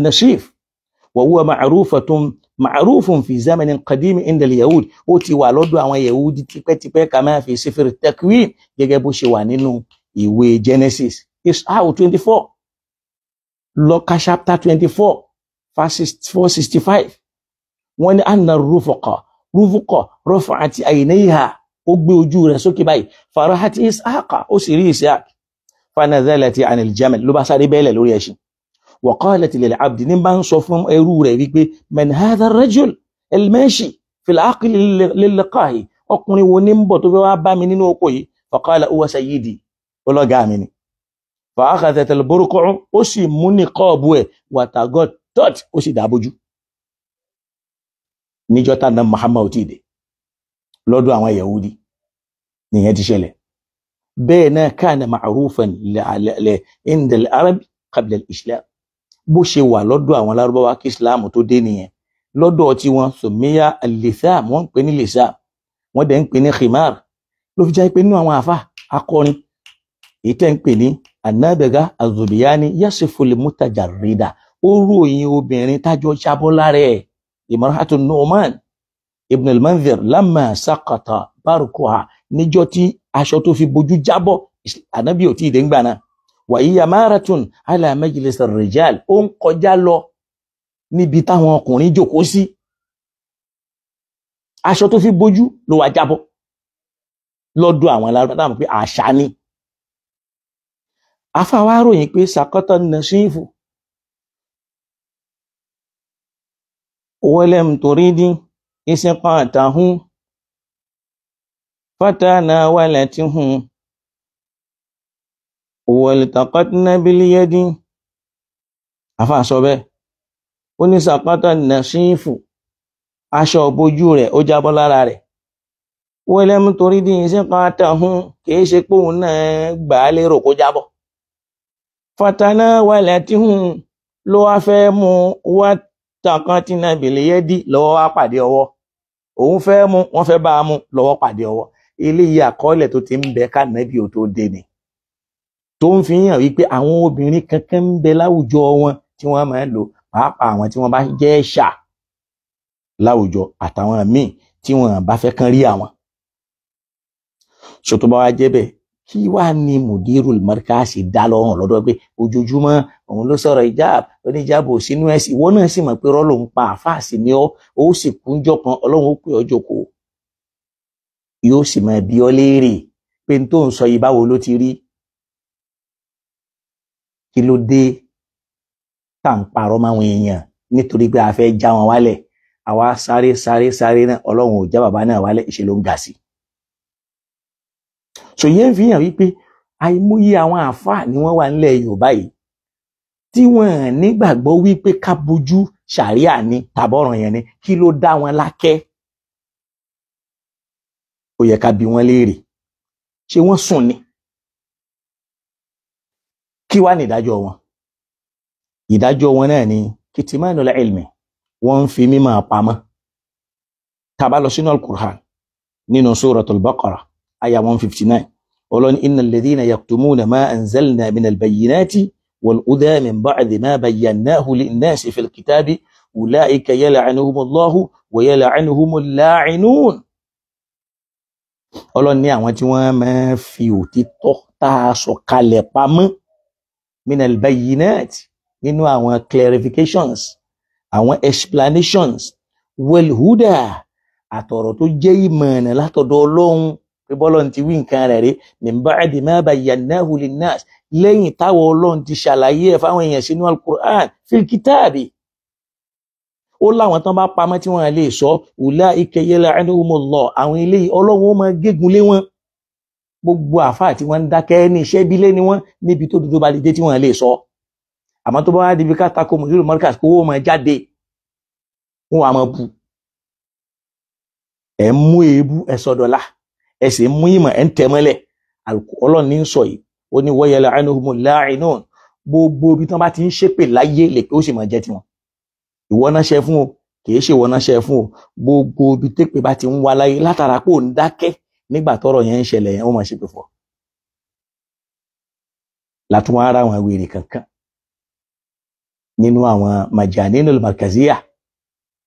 wa huwa ma'rufatun ma'rufun fi zamanin qadim indal yahud ó ti wà lọ́dọ̀ àwọn yahudi tipẹ́tipẹ́ kama fi sifir takwim gẹ́gẹ́ bó ṣe wà nínú ìwé genesis ishau twenty four lọ́ka chapter twenty four verse four sixty five wọ́n ní anna rufuqa rufuqa rafa'at aynayha ó gbé ojú rẹ̀ sókè báyìí farahat ishaqa ó sì rí ishaq fanazalati anil jamal ló bá sáré bẹ́ẹ̀lẹ̀ lórí ẹṣin wọ̀kọ́lẹ̀ tìlẹ̀ abdi ní bá ń sọ fún ẹrú rẹ̀ wípé man hadha rajul elmeshi filaaki lilqahi ọkùnrin wo ní ń bọ̀ tó fẹ́ wá bá mi nínú oko yìí faqala huwa sayyidi ọlọ́gá mi ni fa'akhadhat al-burqa ó sì mú ní kọ́ọ̀bù ẹ̀ wàtàgọ́ tọ́t ó sì dábójú níjọ́ tánà Muhammad ti dé lọ́dọ̀ àwọn Yahudi nìyẹn ti ṣẹlẹ̀ bẹ́ẹ̀ náà kana bó ṣe wà lọ́dọ̀ àwọn lárúbáwá kí islam tó dé nìyẹn lọ́dọ̀ tí wọ́n sòmíyà alìsàm wọ́n ń pè ní lìsàm wọ́n dẹ̀ ń pè ní khimar ló fi jẹ́ pé nínú àwọn àfa akọrin èyí tẹ́ ń pè ní anábẹ́gá azubiyani yasifule mutajarida ó ròyìn obìnrin tájọ jábọ́ lára ẹ̀ imarhatu nu'man ibn al-manzir lamma sakata barukuha níjọ́ tí aṣọ tó fi bojú jábọ́ anábì tí ì dé ń gbà náà wàyíyá marathon alamajlis rijal ó ń kọjá lọ níbi táwọn ọkùnrin jókòó sí aṣọ tó fi bójú ló wá jábọ́ lọ́dọ̀ àwọn alárùbátà mọ̀ pé àṣà ni afáwa ròyìn pé sàkọ́tọ̀ nasifu wọlẹm torídín iṣẹ́ pàtàkùn fátánà wàlẹ̀ tí hùn wọ̀lìtàkọ́tínà bílíyẹ́dín àfa sọ bẹ́ẹ̀ ó ní sàkátà nàṣífù aṣọ òbojú rẹ̀ ó jábọ́ lára rẹ̀ wọ́n lẹ́mú torí dín in sí pátá hun kìí ṣe pé òun náà gbà á lérò kó jábọ́ fatana wàlẹ̀ tí ló wá fẹ́ mú wá tàkọ́tínà bílíyẹ́dín lọ́wọ́ wá pàdé ọwọ́ òun fẹ́ mú wọ́n fẹ́ bá a mú lọ́wọ́ pàdé ọwọ́ eléyìí àkọọ́lẹ̀ tó ti ń bẹ ká nàbí ò tó dé ni tó ń fi hàn wípé àwọn obìnrin kankan ń bẹ láwùjọ wọn tí wọ́n máa ń lò pàápàá àwọn tí wọ́n bá jẹ́ ẹ̀ṣà láwùjọ àtàwọn míì tí wọ́n bá fẹ́ kán rí àwọn. ṣòtò bá wá jẹ́ bẹ́ẹ̀ kí wàá ní mudirul markasi dá lọ́rùn lọ́dọ̀ pé ojoojúmọ́ òun ló sọ̀rọ̀ ìjáàb oníjàbò sínú ẹ̀sìn ìwọ náà sì mọ̀ pé rọ́ọ̀lù ń pa àfáàsì ni ọ́ ó sì kúnjọ́ kan ọlọ́run ó pè ọ́ jókòó yóò sì máa bi ọ́ léèrè pé n tó ń sọ yìí báwo ló ti rí kí ló dé tá à ń parọ́ máwọn èèyàn nítorí pé a fẹ́ já wọn wálẹ̀ àwa sáré sáré sáré náà ọlọ́run ò já bàbá náà wálẹ̀ ìṣe ló ń ga sí i. sòyẹ́ ń fi hàn wípé àìmọye àwọn àáfàá ni wọ́n wà nílẹ̀ yorùbá yìí tí wọ́n nígbàgbọ́ wípé ká bojú ṣàríà ni tàbọ̀ràn yẹn ni kí ló dá wọn lákẹ́ ó yẹ ká bi wọ́n léèrè ṣé wọ́n sùn ni kí wá ní ìdájọ́ wọn ìdájọ́ wọn náà ni kìtìmánul ilmi wọ́n ń fi mímọ̀ pamọ́ tá bá lọ sínú al-Qur'an nínú suratul Baqara aya 159 ọlọ́ni innal ladhina yaktumuna ma anzalna minal bayyinati wal huda min ba'di ma bayyanahu linnasi fil kitabi ulaika yal'anuhumullahu wa yal'anuhumul la'inun ọlọ́ni àwọn tí wọ́n máa fi òtítọ́ tá a sọ kalẹ̀ pamọ́ minal bayinat nínú àwọn clarifications àwọn explanations wal huda àtọ̀rọ̀ tó jẹ́ ìmọ̀nà látọ̀dọ̀ ọlọ́run pé bọ́lọ́n ti wí nǹkan rẹ̀ rí min ba'di ma bayyanahu linnas lẹ́yìn táwọn ọlọ́run ti ṣàlàyé ẹ̀ fáwọn èèyàn sínú alukur'an fil kitabi ó láwọn tán bá pamọ́ tí wọ́n lè sọ ulaika yal'anuhumullah àwọn eléyìí ọlọ́run ó máa gégùn lé wọn gbogbo àfáà tí wọ́n ń dákẹ́ ní iṣẹ́ bílé ni wọ́n níbi tó dodo bá lè dé tí wọ́n lè sọ àmọ́ tó bá wá débi ká tako mùsùlùmí mọ́ríkàsì kówó máa jáde wọn wà máa bu ẹ̀ ń mú èébú ẹ̀ sọ̀dọ̀lá ẹ̀ sì ń mú ìmọ̀ ẹ̀ ń tẹ̀mọ́lẹ̀ ọlọ́run ní ń sọ yìí ó ní wọ́n yẹlẹ̀ ẹnuhumu láàrínún gbogbo ibi tí wọ́n bá ti ń ṣépè láyé lèpè ó sì máa jẹ́ tiwọn ìwọ náà ṣe fún o kì í ṣèwọ náà ṣe fún o gbogbo ibi tépè bá ti ń wá láyé látara pé ò ń dákẹ́ nígbà tọ́rọ̀ yẹn ń ṣẹlẹ̀ yẹn ó máa ṣépè fún ọ látún ara àwọn wèrè kankan nínú àwọn majaninul markaziya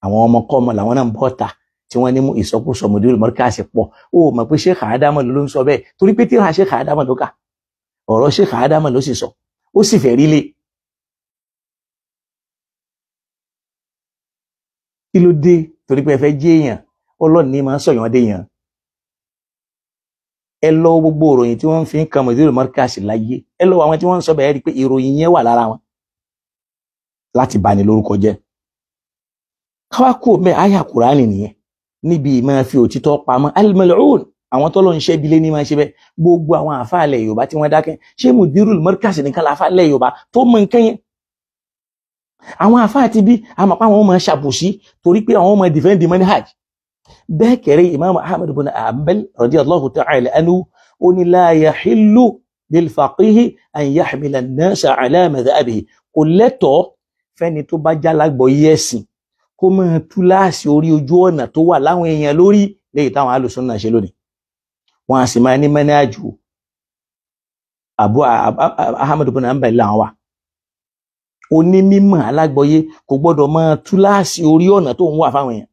àwọn ọmọkọ́mọ làwọn náà ń bọ́ ta tí wọ́n ní mú ìsọkúsọ mọdúrú mọrkàsì pọ̀ ó mọ̀ pé Sheikh Adamu ló ń sọ bẹ́ẹ̀ torí pé tíra Sheikh Adamu ló kà ọ̀rọ̀ Sheikh Adamu ló sì sọ ó sì fẹ́ rílé kí ló dé torí pé ẹ fẹ́ jẹ èèyàn Ọlọ́run máa ń sọyàn déèyàn ẹ lọ gbogbo ìròyìn tí wọ́n fi ń kan mọ̀sílẹ̀ mọ́ríkàsì láyé ẹ lọ àwọn tí wọ́n ń sọ bẹ́ẹ̀ rí i pé ìròyìn yẹn wà lára wọn láti bani lórúkọ jẹ́ káwákù mẹ́ àyà kùránì nìyẹn níbi máa fi òtítọ́ pamọ́ alimẹ̀lẹ́hùn àwọn tọ́lọ́ ń ṣẹ́bi lé ní máa ṣe bẹ́ẹ̀ gbogbo àwọn àfáàlẹ̀ yorùbá tí wọ́n dákẹ́ ṣé mùdírùl mọ́ríkàsì nìkan la àfáàlẹ̀ yorùbá tó mọ nǹkan yẹn àwọn àfáà ti bí àmọ̀pá àwọn ọmọ ṣàbòsí torí pé àwọn ọmọ dìfẹ́ǹdì mọ́níhàjì bẹ́ẹ̀ kẹrẹ́ imam ahmed bin abel radiyallahu ta'ala anhu ó ní la yahillu lil faqihi an yahmila an-nasa ala madhabihi kò lẹ́tọ̀ọ́ fẹ́ni tó bá jálágbọ̀ yẹ́sìn kó máa tú láàsì orí ojú ọ̀nà tó wà láwọn èèyàn lórí léyìí táwọn alùsùnà ṣe lónìí wọn a sì máa ní mẹ́nájú àbú ahmed bin abel làwọn wà onímímọ̀ alágbọ̀yé kò gbọ́dọ̀ máa tú láàsì orí ọ̀nà tó ń wà fáwọn èèyàn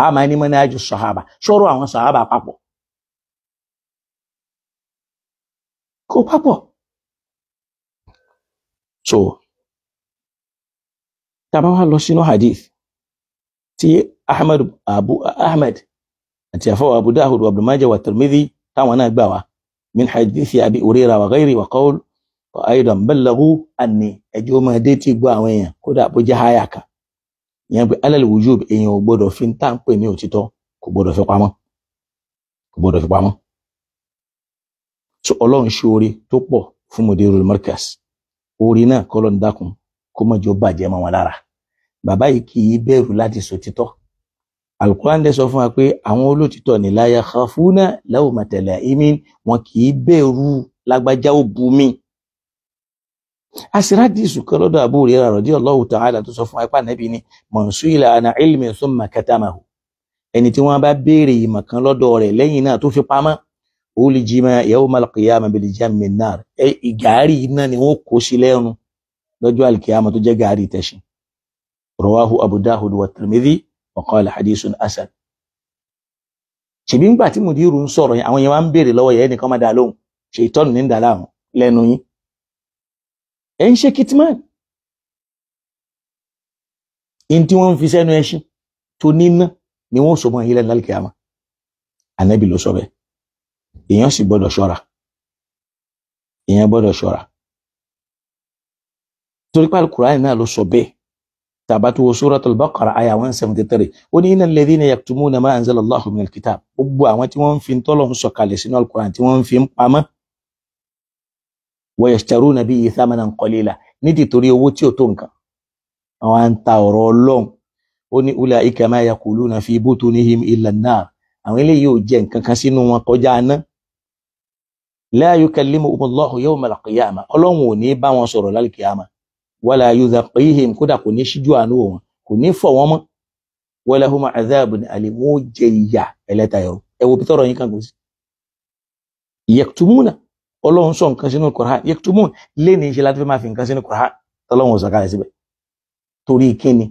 a máa ní mọ́nájú sọ̀hábà sọ̀rọ̀ àwọn sọ̀hábà papọ̀ kò papọ̀ so tàbá wa lọ sínú hadith tí ahmed abu ahmed àti àfọwọ́ abu dahud wa abdulmajah wa tirmidhi táwọn náà gbà wá min hadithi abi urira wa ghairi wa qawl wa aidan ballagu anni ẹjọ́ máa dé tí gbọ́ àwọn èèyàn kódà bó jẹ́ háyà ìyẹn pé alal wujub èèyàn ò gbọdọ̀ fi ń tà ń pè ní òtítọ́ kò gbọdọ̀ fi pamọ́ kò gbọdọ̀ fi pamọ́ so ọlọ́run ṣe oore tó pọ̀ fún mudirul markaz oore náà kọ́lọ́n dákun kó mọ̀jọ́ bàjẹ́ mọ́ wọn lára bàbá yìí kì í bẹ̀rù láti sòtítọ́ alukuran dẹ sọ fún wa pé àwọn olótìtọ́ ní la yakhafuna lawmata la'imin wọn kì í bẹ̀rù lágbájá ó asiradisu kan lọ́dọ̀ Abu Hurairah radiyallahu ta'ala tó sọ fún apá nẹ́bí ni mọ̀nsú ilà àna ilmi thumma katamahu ẹni tí wọ́n bá béèrè ìmọ̀ kan lọ́dọ̀ rẹ̀ lẹ́yìn náà tó fi pamọ́ ulijima yawma al-qiyamah bil jammin nar ẹ ìgàárì iná ni wọ́n kó sí lẹ́nu lọ́jọ́ alkiyama tó jẹ́ gàárì tẹ̀sìn rawahu Abu Dawud wa Tirmidhi wa qala hadithun hasan ṣèbí ńgbà tí mudiru ń sọ̀rọ̀ yẹn àwọn yẹn wá ń béèrè lọ́wọ́ yẹn ẹnìkan má dá lóhùn ṣètọ́nù ní ń dá láwọn lẹ́nu yín ẹ ń ṣe kitman in tí wọ́n ń fi sẹ́nu ẹṣin tó níná ni wọ́n sọ mọ́ ilẹ lálùkẹ àmọ́ ànábì ló sọ bẹ́ẹ̀ èèyàn sì gbọ́dọ̀ ṣọ́ra èèyàn gbọ́dọ̀ ṣọ́ra torí pé alukur'an náà ló sọ bẹ́ẹ̀ tàbátú wo suratul baqara aya one seventy three ó ní innal ladhina yaktumuna ma anzala Allahu minal kitab gbogbo àwọn tí wọ́n ń tọ́lọ̀ ń sọ̀kalẹ̀ sínú alukur'an tí wọ́n fi ń pamọ́ wa yashtaruna bihi thamanan qalila nídìí torí owó tí ò tó nǹkan àwọn à ń ta ọ̀rọ̀ ọlọ́run ó ní ulaika ma yaquluna fi butunihim illa an-nar àwọn eléyìí ò jẹ nǹkan kan sínú wọn kọjá aná la yukallimuhumullahu yawmal qiyamah ọlọ́run ò ní bá wọn sọ̀rọ̀ lálùkìyàmà wala yuzaqihim kódà kò ní ṣíjú àánú wọn kò ní fọ̀ wọ́n mọ́ walahum azabun alim wọn ó jẹ ìyà ẹlẹ́tayọ̀ ẹ̀wò pítọ́rọ̀ yín kan kò sí ọlọ́run sọ nǹkan sínú Qur'an yektumun lé ní ìṣe láti fẹ́ máa fi nǹkan sínú Qur'an tọ́lọ́run sọ̀kalẹ̀ síbẹ̀ torí kíni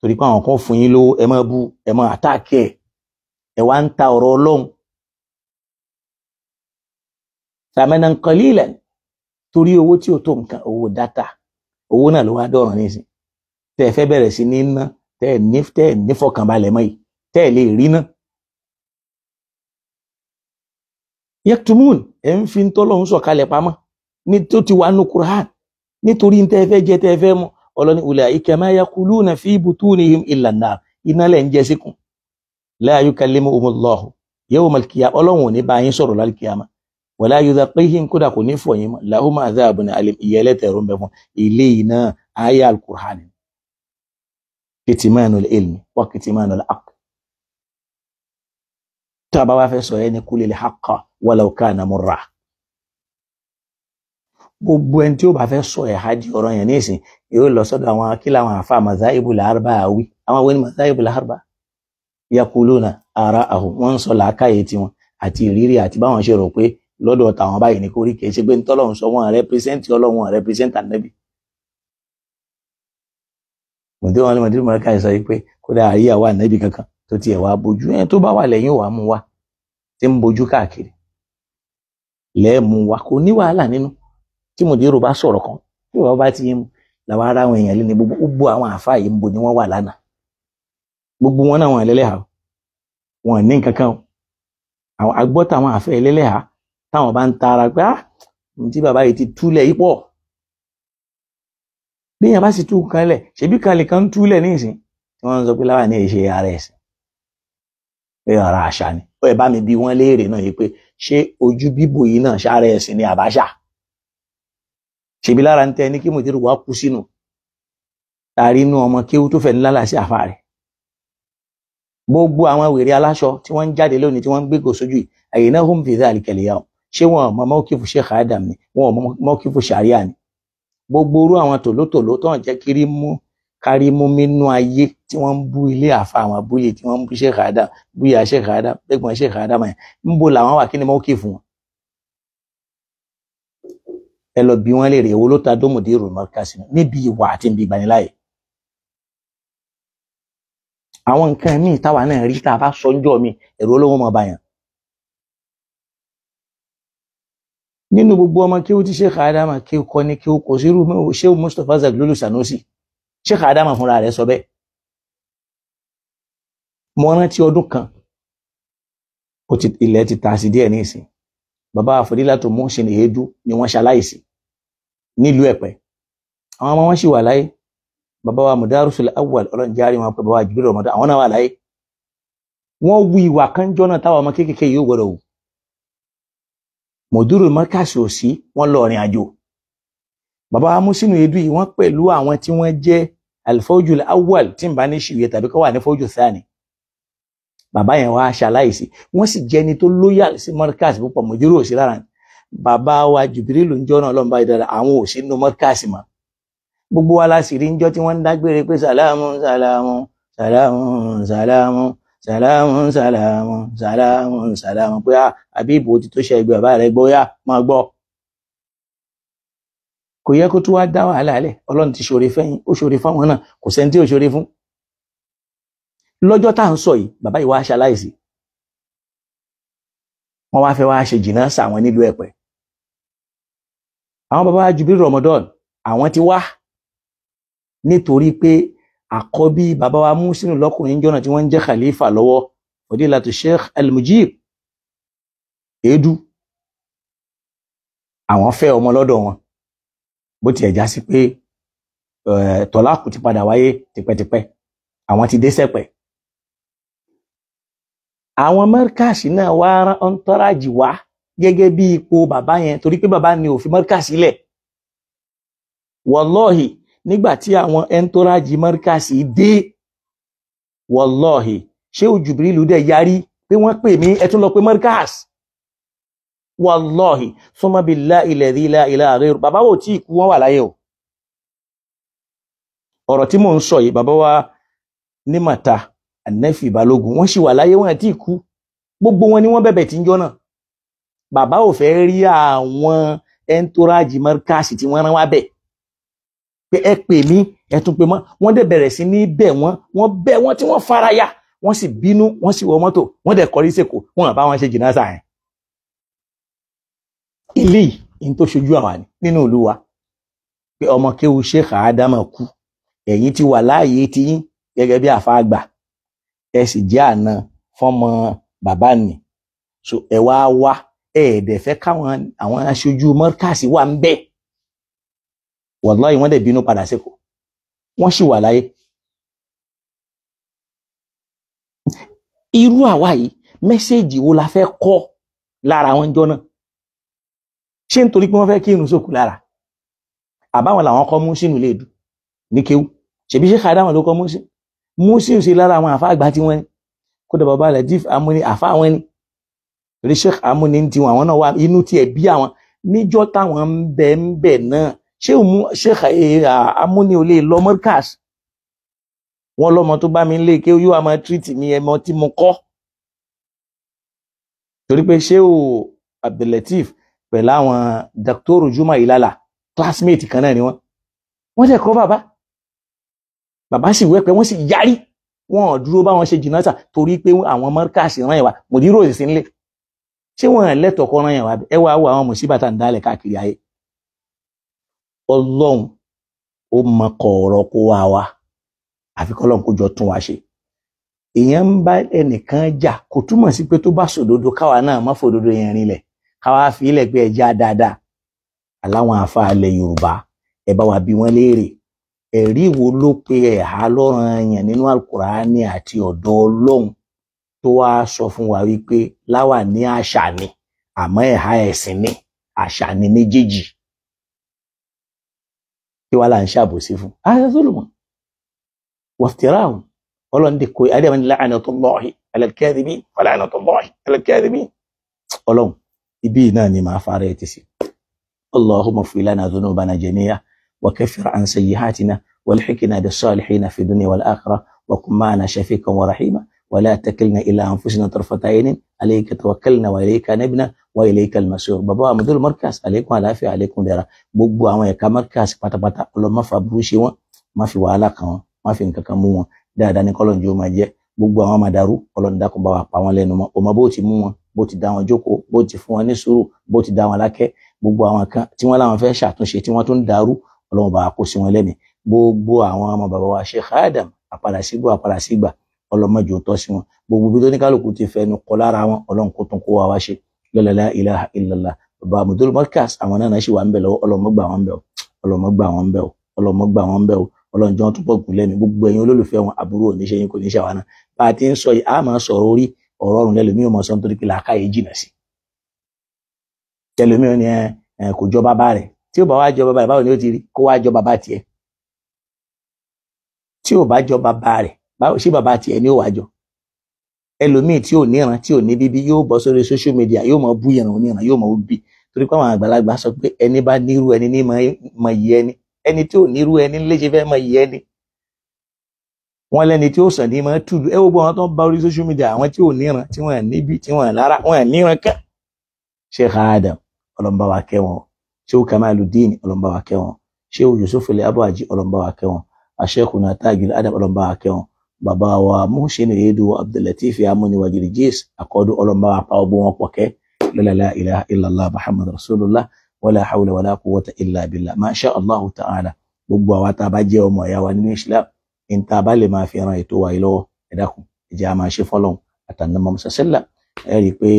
torí pé àwọn kan fún yín lówó ẹ máa bú ẹ máa àtáàkì ẹ ẹ wá ń ta ọ̀rọ̀ ọlọ́run thamanan qalilan torí owó tí ò tó nǹkan owó dátà owó náà ló wá dọ̀ràn nísìn tẹ́ ẹ fẹ́ bẹ̀rẹ̀ sí ní ná tẹ́ ẹ ní mọ́ yìí tẹ́ ẹ lè rí náà yẹtumun ẹ ń fi tọ́lọ́hún sọ̀kalẹ̀ pamọ́ ní tó ti wà nù Qur'an nítorí tẹ́ fẹ́ jẹ tẹ́ fẹ́ mu ọlọ́ni ulaika ma yakuluna fi butunihim illa nar iná lẹ̀ ń jẹ síkùn la yukallimuhumullahu yawmal qiyamah ọlọ́run ò ní bá yín sọ̀rọ̀ lálùkìyàmá wala yudhaqihim kódà kò ní fọ̀ yín mọ́ lahum adhabun alim ìyẹlẹ tẹ̀rọ bẹ fún ilé iná ayé al-Qur'an ilmi wa kitimanul haqq tá a bá wá fẹ́ sọ ẹ ní kulil haqqa walau kana murra gbogbo ẹni tí ó bá fẹ́ sọ ẹ̀há di ọ̀rọ̀ yẹn nísìn yóò lọ sọ́dọ̀ àwọn kí làwọn àfa mazaibu làárùbá àwí àwọn àwọn mazaibu làárùbá yakuluna ara àhùn wọn ń sọ làákàyè tiwọn àti ìrírí àti báwọn ṣe rò pé lọ́dọ̀ tàwọn báyìí ní kórí kìí ṣe pé ní tọ́lọ́run sọ wọn rẹpírẹsẹ́ǹtì ọlọ́run rẹpírẹsẹ́ǹtì ànábì. mọ̀tí wọn lọ́mọdé mọ̀ọ́ká sọ pé kódà àríyá wa tí ń bójú káàkiri lẹ́ẹ̀mú wa kò ní wàhálà nínú tí mòdìrò bá sọ̀rọ̀ kan tí bàbá bá ti mú làwọn ará àwọn èèyàn lẹ́ni gbogbo gbogbo àwọn àáfàá yìí ń bo ni wọ́n wà lánàá gbogbo wọn náà wọn ẹlẹ́lẹ́hà wọn ní nǹkan kan àwọn agbọ́tà àwọn àfẹ́ ẹlẹ́lẹ́hà táwọn bá ń tara pé ah tí bàbá yìí ti túlẹ̀ yìí pọ̀ béèyàn bá sì tú kan lẹ̀ ṣebí kalẹ̀ kan túlẹ̀ nísìn tí wọ́n ń sọ pé láwa ní èṣe ara ẹ̀sìn pé ọ̀rọ̀ àṣà ni ó yẹ bá mi bi wọ́n léèrè náà yìí pé ṣé ojú bíbò yìí náà ṣára ẹ̀sìn ni àbáṣà ṣèbí lára ń tẹ ní kí mòtírù wá kú sínú tàrí inú ọmọ kéwú tó fẹ̀ ńlá sí àfa rẹ̀ gbogbo àwọn wèrè aláṣọ tí wọ́n ń jáde lónìí tí wọ́n ń gbégò sójú yìí àyè náà hùm fìdí àlìkẹ̀lẹ̀ yà ṣé wọn ọmọ mọ́kìfù Sheikh Adam ni wọn ọmọ mọ́kìfù sàríà ni gbogbo orú àwọn tòlótòló tó ń jẹ́ kiri mú kárí mú mínú ayé tí wọ́n ń bú ilé àfa àwọn abúlé tí wọ́n ń bú Sheikh Adam búyà Sheikh Adam ẹ̀gbọ́n Sheikh Adam yẹn ń bo làwọn wà kí ni mo kì fún wọn. ẹ lọ bí wọn lè rè èwo ló ta dómòdé ìròyìn mọ́kàsí níbi ìwà àti níbi ìgbaniláyè. àwọn nǹkan míì táwa náà rí tá a bá sọ ọjọ́ mi ẹ̀rọ olówó mọ̀ bá yàn. nínú gbogbo ọmọ kí ó ti Sheikh Adam kí ó kọ́ ni kí ó kọ́ sí irú Sheikh Mustapha Zaglulu Sanusi Sheikh Adama fúnra rẹ̀ sọ bẹ́ẹ̀ mo rántí ọdún kan ó ti ilẹ̀ ti ta sí díẹ̀ ní ìsìn bàbá àfòdílà tó mú ṣe èédú ni wọ́n ṣaláìsí nílùú Ẹ̀pẹ́ àwọn ọmọ wọn sì wà láyé bàbá wa Mudarusul Awwal Ọlọ́run járe wọn pé bàbá wa Jibril àwọn náà wà láyé wọ́n wu ìwà kan jọ́nà táwọn ọmọ kéékèèké yóò gbọ́dọ̀ wù mọ̀dúró mọ́kàsì òsì wọ́n lọ rìn àjò bàbá Musinu Edu wọ́n pẹ̀lú àwọn tí wọ́n jẹ́ alifawjul awwal tí n bá ní ṣìwé tàbí kọ́ wà ní fawjul thani bàbá yẹn wá ṣaláìsí wọ́n sì jẹni tó lóyàl sí mọ́ríkàsì púpọ̀ mọ̀júrò sí lára bàbá wa Jubrilu ń jọ́nà ọlọ́mọba ìdára àwọn ò sí nínú mọ́ríkàsì mọ́ gbogbo wa la sì rí njọ́ tí wọ́n ń dágbére pé sàlámù sàlámù sàlámù sàlámù sàlámù sàlámù sàlámù sàlámù pé àbí ah, ìbò ti tó ṣe ẹgbẹ́ bàbá rẹ gbọ́ yá máa gbọ́ kò yẹ kó tún wá dá wàhálà lẹ̀ ọlọ́run ti ṣòre fẹ́yìn ó ṣòre fáwọn náà kò sẹ́ni tí ò ṣòre fún lọ́jọ́ tá à ń sọ yìí bàbá yìí wá ṣaláìsí wọ́n wá fẹ́ wá ṣe jìnnà sàwọn nílùú ẹ̀pẹ́ àwọn bàbá jubil Ramadan àwọn ti wá nítorí pé àkọ́bí bàbá wa Muslim lọ́kùnrin jọ́nà tí wọ́n ń jẹ́ khalifa lọ́wọ́ fadilatu Sheikh Al-Mujib Edu àwọn fẹ́ ọmọ lọ́dọ̀ wọn bó tiẹ̀ já sí pé eh, tọ́láàkù ti padà wáyé tipẹ́tipẹ́ àwọn ti dé sẹ́pẹ̀. àwọn mẹ́ríkàsì náà wá ń tọ́rajì wá gẹ́gẹ́ bí ipò bàbá yẹn torí pé bàbá ni òfin mẹ́ríkàsì lẹ̀ wọ́lọ́ọ̀hì nígbà tí àwọn ẹ̀ńtọ́rajì mẹ́ríkàsì dé wọ́lọ́ọ̀hì ṣé ojúbìrìlù dẹ̀ yarí pé wọ́n pè mí ẹ tún lọ pé mẹ́ríkàsì wàlọ́hì súnmọ́ bí láìlẹ̀ rí láìlẹ̀ àrẹ́rù bàbá wò tí ikú wọn wà láyé o ọ̀rọ̀ tí mò ń sọ yìí bàbá wa ní màta ànẹ́fì balógun wọ́n sì wà láyé wọn àti ikú gbogbo wọn ni wọ́n bẹ̀bẹ̀ tí ń jọ́ náà bàbá ò fẹ́ rí àwọn ẹntórájì mọ́ríkàsì tí wọ́n rán wá bẹ̀ pé ẹ pè mí ẹ tún pè mọ́ wọ́n dẹ̀ bẹ̀rẹ̀ sí ní bẹ̀ wọ́n wọ́n bẹ̀ wọ́n tí faraya wọ́n sì bínú wọ́n sì wọ mọ́tò wọ́n dẹ̀ kọrí sèkò wọ́n bá wọn ṣe jìnnà sáà eléyìí ní tó ṣojú àwa nínú olúwa pé ọmọ kéwu sheikh adama kú ẹ̀yin ti wà láàyè tiyín gẹ́gẹ́ bí àfáàgbà ẹ sì jẹ́ àna fọ́mọ bàbá nì so ẹ wá wá ẹ ẹdẹ fẹ́ káwọn àwọn aṣojú mọrkàsì wà ń bẹ wàláyé wọ́n dẹ̀ bínú padà sẹkọọ wọ́n sì wà láyé irú àwa yìí mẹ́séèjì wo la fẹ́ kọ́ lára wọn jọ náà ṣé nítorí pé wọ́n fẹ́ kí irun sókù lára àbáwọn làwọn kọ́ múṣínù lè dù ní kéwú ṣèbí ṣe kàdá wọn ló kọ́ múṣínù múṣínù sí lára àwọn àfa àgbà tí wọ́n ní kódà bàbá Latif amúni àfa àwọn ní torí Sheikh amúni ń tiwọn àwọn náà wà inú tiẹ̀ bí àwọn níjọ́ táwọn ń bẹ ń bẹ náà Sheikh eh, amúni ò lè lọ mọ́rkàs wọn lọmọ tó bá mi ń lé kéwú yóò máa tírìtì mi ẹmọ tí mo kọ́ torí pé Sheikh Abdul Latif pẹ̀lú àwọn dr juma ilala classmate kan náà ni wọ́n wọ́n dẹ̀ kọ́ bàbá bàbá sì wẹ́pẹ́ wọ́n sì yarí wọ́n dúró báwọn ṣe jìnnà sà torí pé àwọn mọ́ríkàsì ràn yẹn wá mòdìrò sì ń lé ṣé wọn lẹ́tọ̀ọ́ kọ́ ràn yẹn wá ẹ wá wo àwọn mùsíbà tá à ń dálẹ̀ káàkiri ayé ọlọ́run ó mọ kọ̀ọ̀rọ̀ kó wá wa àfi kọ́lọ́n kó jọ tún wa ṣe èèyàn ń bá ẹnìkan jà kò túmọ̀ sí pé tó bá sòdodo káwa náà má yẹn rinlẹ̀ káwá fi ilẹ̀ pé ẹja dáadáa aláwọn àfàlẹ̀ yorùbá ẹ bá wa bí wọ́n léèrè ẹ̀rí wo ló pe ẹ̀há lọ́rùn yẹn nínú alukurani àti ọ̀dọ̀ ọlọ́run tó wá sọ fún wa wípé láwà ní àṣà ni àmọ́ ẹ̀há ẹ̀sìn ni àṣà ni méjèèjì kí wàá là ń ṣàbòsí fún ayé sọlọmọ wàftirahu ọlọ́run ti kó adéwọ̀n ní la'anatullahi ala al-kadhibin wa la'anatullahi ala ibi náà ni màá fara ẹ̀ ti sí. allahumma fi lana dhunubana jami'a wa kaffir an sayyihatina walhiqna bis-salihina fi dunya wal akhirah wa kun ma'ana shafiqan wa rahima wa la takilna ila anfusina tarfata aynin alayka tawakkalna wa ilayka nabna wa ilayka al-masir bàbá wa mudul markaz alaykum alafi alaykum dara gbogbo àwọn ẹ̀ka markaz pátápátá ọlọ́mọ fa burú ṣe wọn má fi wàhálà kan wọn má fi nǹkan kan mú wọn dáadáa ní kọ́lọ́njì ó máa jẹ́ gbogbo àwọn máa darú ọlọ́run dákun wa pa wọn lẹ́nu mọ́ ọmọ bó ti mú wọn bó ti dá wọn jókòó bó ti fún wọn ní sùúrù bó ti dá wọn lákẹ́ gbogbo àwọn kan tí wọ́n láwọn fẹ́ ṣàtúnṣe tí wọ́n tún ń darú ọlọ́run bá kó sí wọn lẹ́mìí gbogbo àwọn ọmọ bàbá wa Sheikh Adam àpàdà sígbó àpàdà sígbà ọlọmọjò tọ́ sí wọn gbogbo ibi tó ní kálukú ti fẹnu kọ lára wọn ọlọ́run kó tún kó wa wá ṣe lọ́lọ́lá ilaha illallah bàbá Abdul Markaz àwọn náà ṣì wà ń bẹ̀ lọ́wọ́ ọlọ́mọgbà wọn bẹ̀ ọlọ́mọgbà wọn bẹ̀ ọlọ́mọgbà wọn bẹ̀ ọlọ́njọ́ ọ̀rọ̀ ọ̀run lẹ́lòmí ò mọ̀ sọ nítorí pé làákàyè jìnà sí tẹlòmí ò ní ẹ kò jọ bàbá rẹ̀ tí ò bá wá jọ bàbá rẹ̀ báwo ni ó ti rí kó wá jọ bàbá tiẹ̀ tí ò bá jọ bàbá rẹ̀ báwo ṣé bàbá tiẹ̀ ni ó wá jọ ẹlòmíì tí ò níran tí ò ní bíbí yóò bọ́ sórí social media yóò mọ bú ìran oníran yóò mọ bí torí pé àwọn àgbàlagbà sọ pé ẹni bá nírú ẹni ní mọ yìí ẹni ẹni tí ò nírú ẹni léṣe fẹ́ mọ yìí ẹni wọn lẹni tí ó sàn ní máa tùdú ẹ gbogbo àwọn tó ń bá orí social media àwọn tí ò níran tí wọn níbi tí wọn lára wọn níran kán Sheikh Adam ọlọmọba wa kẹ́ wọn Sheikh Kamaluddin ọlọmọba wa kẹ́ wọn Sheikh Yusuf ilẹ abuaji ọlọmọba wa kẹ́ wọn Asheikhuna Tajul Adam ọlọmọba wa kẹ́ wọn bàbá wa Muhsin Edo Abdullateef amúniwájú jis àkọọdún ọlọmọba wa pa ọgbọn wọn pọkẹ lọlọlá ilaha illallah Muhammad rasulullah wala hawla wala quwwata illa billah ma sha ta'ala gbogbo àwa tá a bá jẹ́ ọmọ ìyá wa nínú Islam níta bá lè máa fi ran ètò wa yìí lọ́wọ́ ẹ dákun ẹ jẹ́ a máa ṣe fọ́lọ́hun àtàndàn mọ́mọ́sá ẹ rí i pé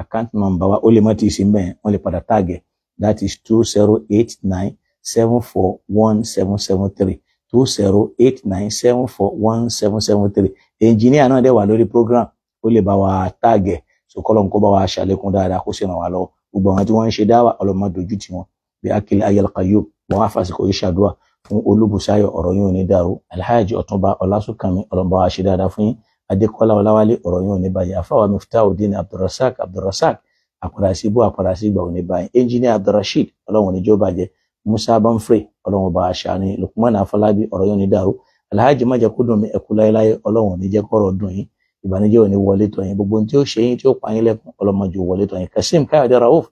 àkáǹtì nọ́mbà wa ó lè má ti sí mẹ́ẹ̀ wọ́n lè padà táàgẹ̀ that is two zero eight nine seven four one seven seven three two zero eight nine seven four one seven seven three ẹnjìníà náà dẹ̀ wà lórí program ó lè bá wa táàgẹ̀ so kọ́lọ́n kó bá wa ṣàlékún dáadáa kó sì ràn wá lọ́wọ́ gbogbo àwọn tí wọ́n ń ṣe dáwà ọlọ́mọdójú tiwọn bí akil ayélujára yóò wọ́n á fàṣìkò fún olúbùsáyọ̀ ọ̀rọ̀ yìí ò ní dàrú alhaji ọ̀túnba ọlásùnkànmí ọlọmọba wa ṣe dáadáa fún yín adékọlá ọláwálé ọ̀rọ̀ yìí ò ní báyìí àfáwà muftaudeen abdulrasaq abdulrasaq àpàdásí bó àpàdásí gbà ò ní báyìí engineer abdulrasheed ọlọ́run ní jọba jẹ musa banfre ọlọ́run bá aṣa ni lukman afọlábí ọ̀rọ̀ yìí ní dàrú alhaji májà kó ẹkú láéláé ọlọ́run ní jẹ́ kọ́rọ̀ dùn yín ìbànújẹ́ ò wọlé tọ̀ gbogbo tí ó ṣe yín tí ó pa yín lẹ́kùn ọlọ́mọdé wọlé tọ̀ yín kasim káyọ̀dé rauf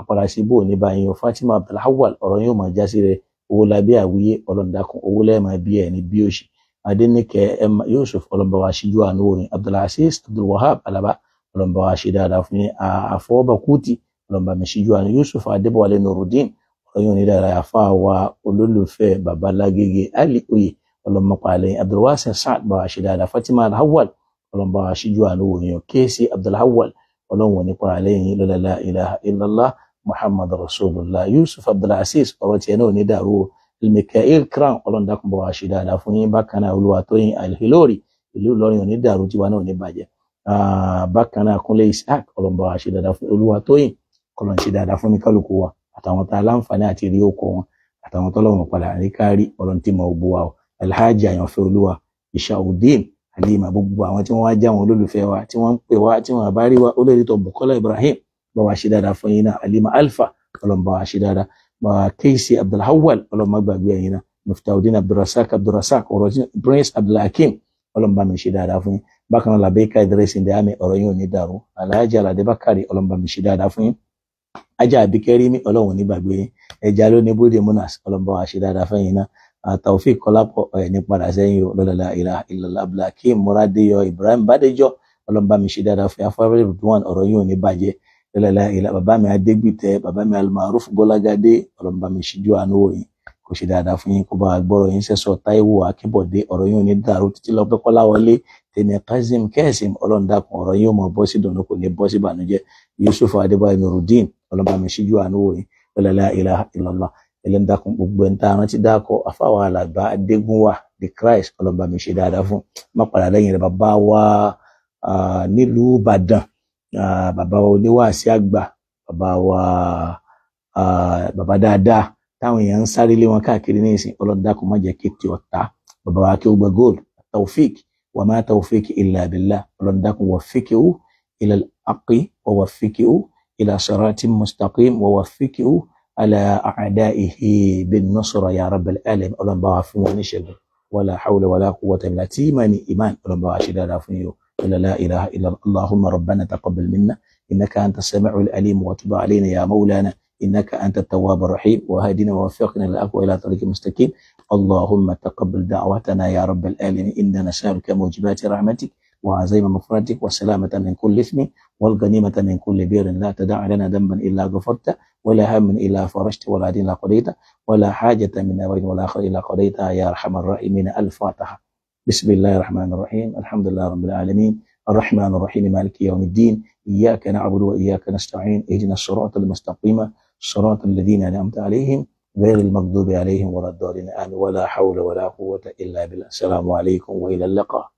àpàdásí báyìí fatima abdulhawal ọ̀rọ̀ yìí máa jásí rẹ̀ owó labẹ àwíyé ọlọ́ndàkùn owó lẹ́ẹ̀mọ bí ẹ̀ ní bí òṣì adẹnìkẹ ẹmà yusuf ọlọ́mbàwá ṣíjú àánú orin abdulhasis abdulwahab alaba ọlọ́mbàwá ṣe dáadáa fún yín àfọwọ́bà kùtì ọlọ́mbàmí ṣíjú àánú yusuf adébọ̀wálé nurudeen ọlọ́yún ní dáadáa afa wa olólùfẹ́ babalágége ali oyè ọlọ́mọpàlẹ́ abdulwasa saad bàwá ṣe dáadáa fatima alhawal ọlọ́mbàwá ṣíjú àánú orin kéèsì abdulhawal ọlọ́wọ̀n nípa àlẹ́yìn lọ́lá ilaha illallah muhammad rasulullah yusuf abdulaziz ọ̀rọ̀ tiẹ̀ náà ò ní dàrú o mikael crown ọlọ́ndàkùn bọ̀ wá ṣe dáadáa fún yín bákan náà olúwa tó yín alhilori ìlú ìlọrin ò ní dàrú tiwa náà ò ní bàjẹ́ ah, bákan náà kúnlé isaac ọlọ́n bọ̀ wá ṣe dáadáa fún olúwa tó yín kọlọ́n ṣe dáadáa fún ní kálukú wa àtàwọn tá a láǹfààní àti rí oko wọn àtàwọn tọ́lọ́wọ̀n padà rí ọlọ́n tí mo bu wa alhaji àyànfẹ́ olúwa ishaudeen bá wa ṣe dáadáa fún yín náà Halima Alfa ọlọ́run bá wa ṣe dáadáa bá wa Keisi Abdulhawal ọlọ́run má gbàgbé ẹ̀yin náà Muftahudeen Abdulrasaq Abdulrasaq ọ̀rọ̀jìn Prince Abdulhakeem ọlọ́run bá mi ṣe dáadáa fún yín bákan náà Labeika Idris Ndiame ọ̀rọ̀ yín ò ní dàrú Alhaji Alade Bakari ọlọ́run bá mi ṣe dáadáa fún yín ajá àbíkẹ́rí mi ọlọ́run ní gbàgbé ẹja ló ní bóde munas ọlọ́run bá wa ṣe dáadáa fẹ́yìn náà àtàwọ̀fíì kọlápọ̀ ẹ̀ ní padà sẹ́yìn o lọ́dọ̀lá ìlà ìlàlá abdulhakeem muradiyọ ibrahim bádéjọ ọlọ́run bá mi ṣe dáadáa fún afárẹ́ rẹ̀dùn ọ̀rọ̀ yìí ò ní bàjẹ́ lẹ́lẹ́lá ilá bàbá mi adégbìtẹ́ bàbá mi almaruf bọ́lágadé ọlọ́mọba mi ṣíjú àánú wò yín kò ṣe dáadáa fún yín kó bá gbọ́rọ̀ yín sẹ́sọ̀ táíwò akínbọ̀dé ọ̀rọ̀ yín ò ní dàrú títí lọ́pẹ́ kọ́láwọlé tẹ̀mí kazeem kẹ́sìm ọlọ́run dákun ọ̀rọ̀ yín ò mọ̀ bọ́ sí dùnú kò ní bọ́ sí ìbànújẹ́ yusuf adébáyé nurudeen ọlọ́mọba mi ṣíjú àánú wò yín lẹ́lẹ́lá ilá ìlọ́lá ẹlẹ́dàkùn gbogbo ẹni tá a rántí dákọ̀ afáwọn alàgbà bàbá wa oníwàásí àgbà bàbá wa bàbá dáadáa táwọn èèyàn ń sáré lé wọn káàkiri ní ìsìn ọlọ́dà kò má jẹ́ kí ti ọ̀tá bàbá wa kí ó gba gold taofik wa ma taofik illa billah ọlọ́dà kò wà fíkì ó ila al-aqi wa wà fíkì ó ila sirati mustaqim wa wà fíkì ó ala a'da'ihi bin nasra ya rabbal alamin ọlọ́dà wa fún wọn níṣẹ́gun wala hawla wala quwwata illa tí ìmánì قل لا إله إلا الله اللهم ربنا تقبل منا إنك أنت السميع العليم وتب علينا يا مولانا إنك أنت التواب الرحيم وهدنا ووفقنا للأقوى إلى طريق مستقيم اللهم تقبل دعوتنا يا رب العالمين إنا نسألك موجبات رحمتك وعزيم مغفرتك والسلامة من كل إثم والغنيمة من كل بير لا تدع لنا ذنبا إلا غفرته ولا هم إلا فرجت ولا دين إلا قضيته ولا حاجة من أول ولا آخر إلا قضيتها يا أرحم الراحمين الفاتحة بسم الله الرحمن الرحيم الحمد لله رب العالمين الرحمن الرحيم مالك يوم الدين إياك نعبد وإياك نستعين اهدنا الصراط المستقيم صراط الذين أنعمت عليهم غير المغضوب عليهم ولا الضالين آمين ولا حول ولا قوة إلا بالله السلام عليكم وإلى اللقاء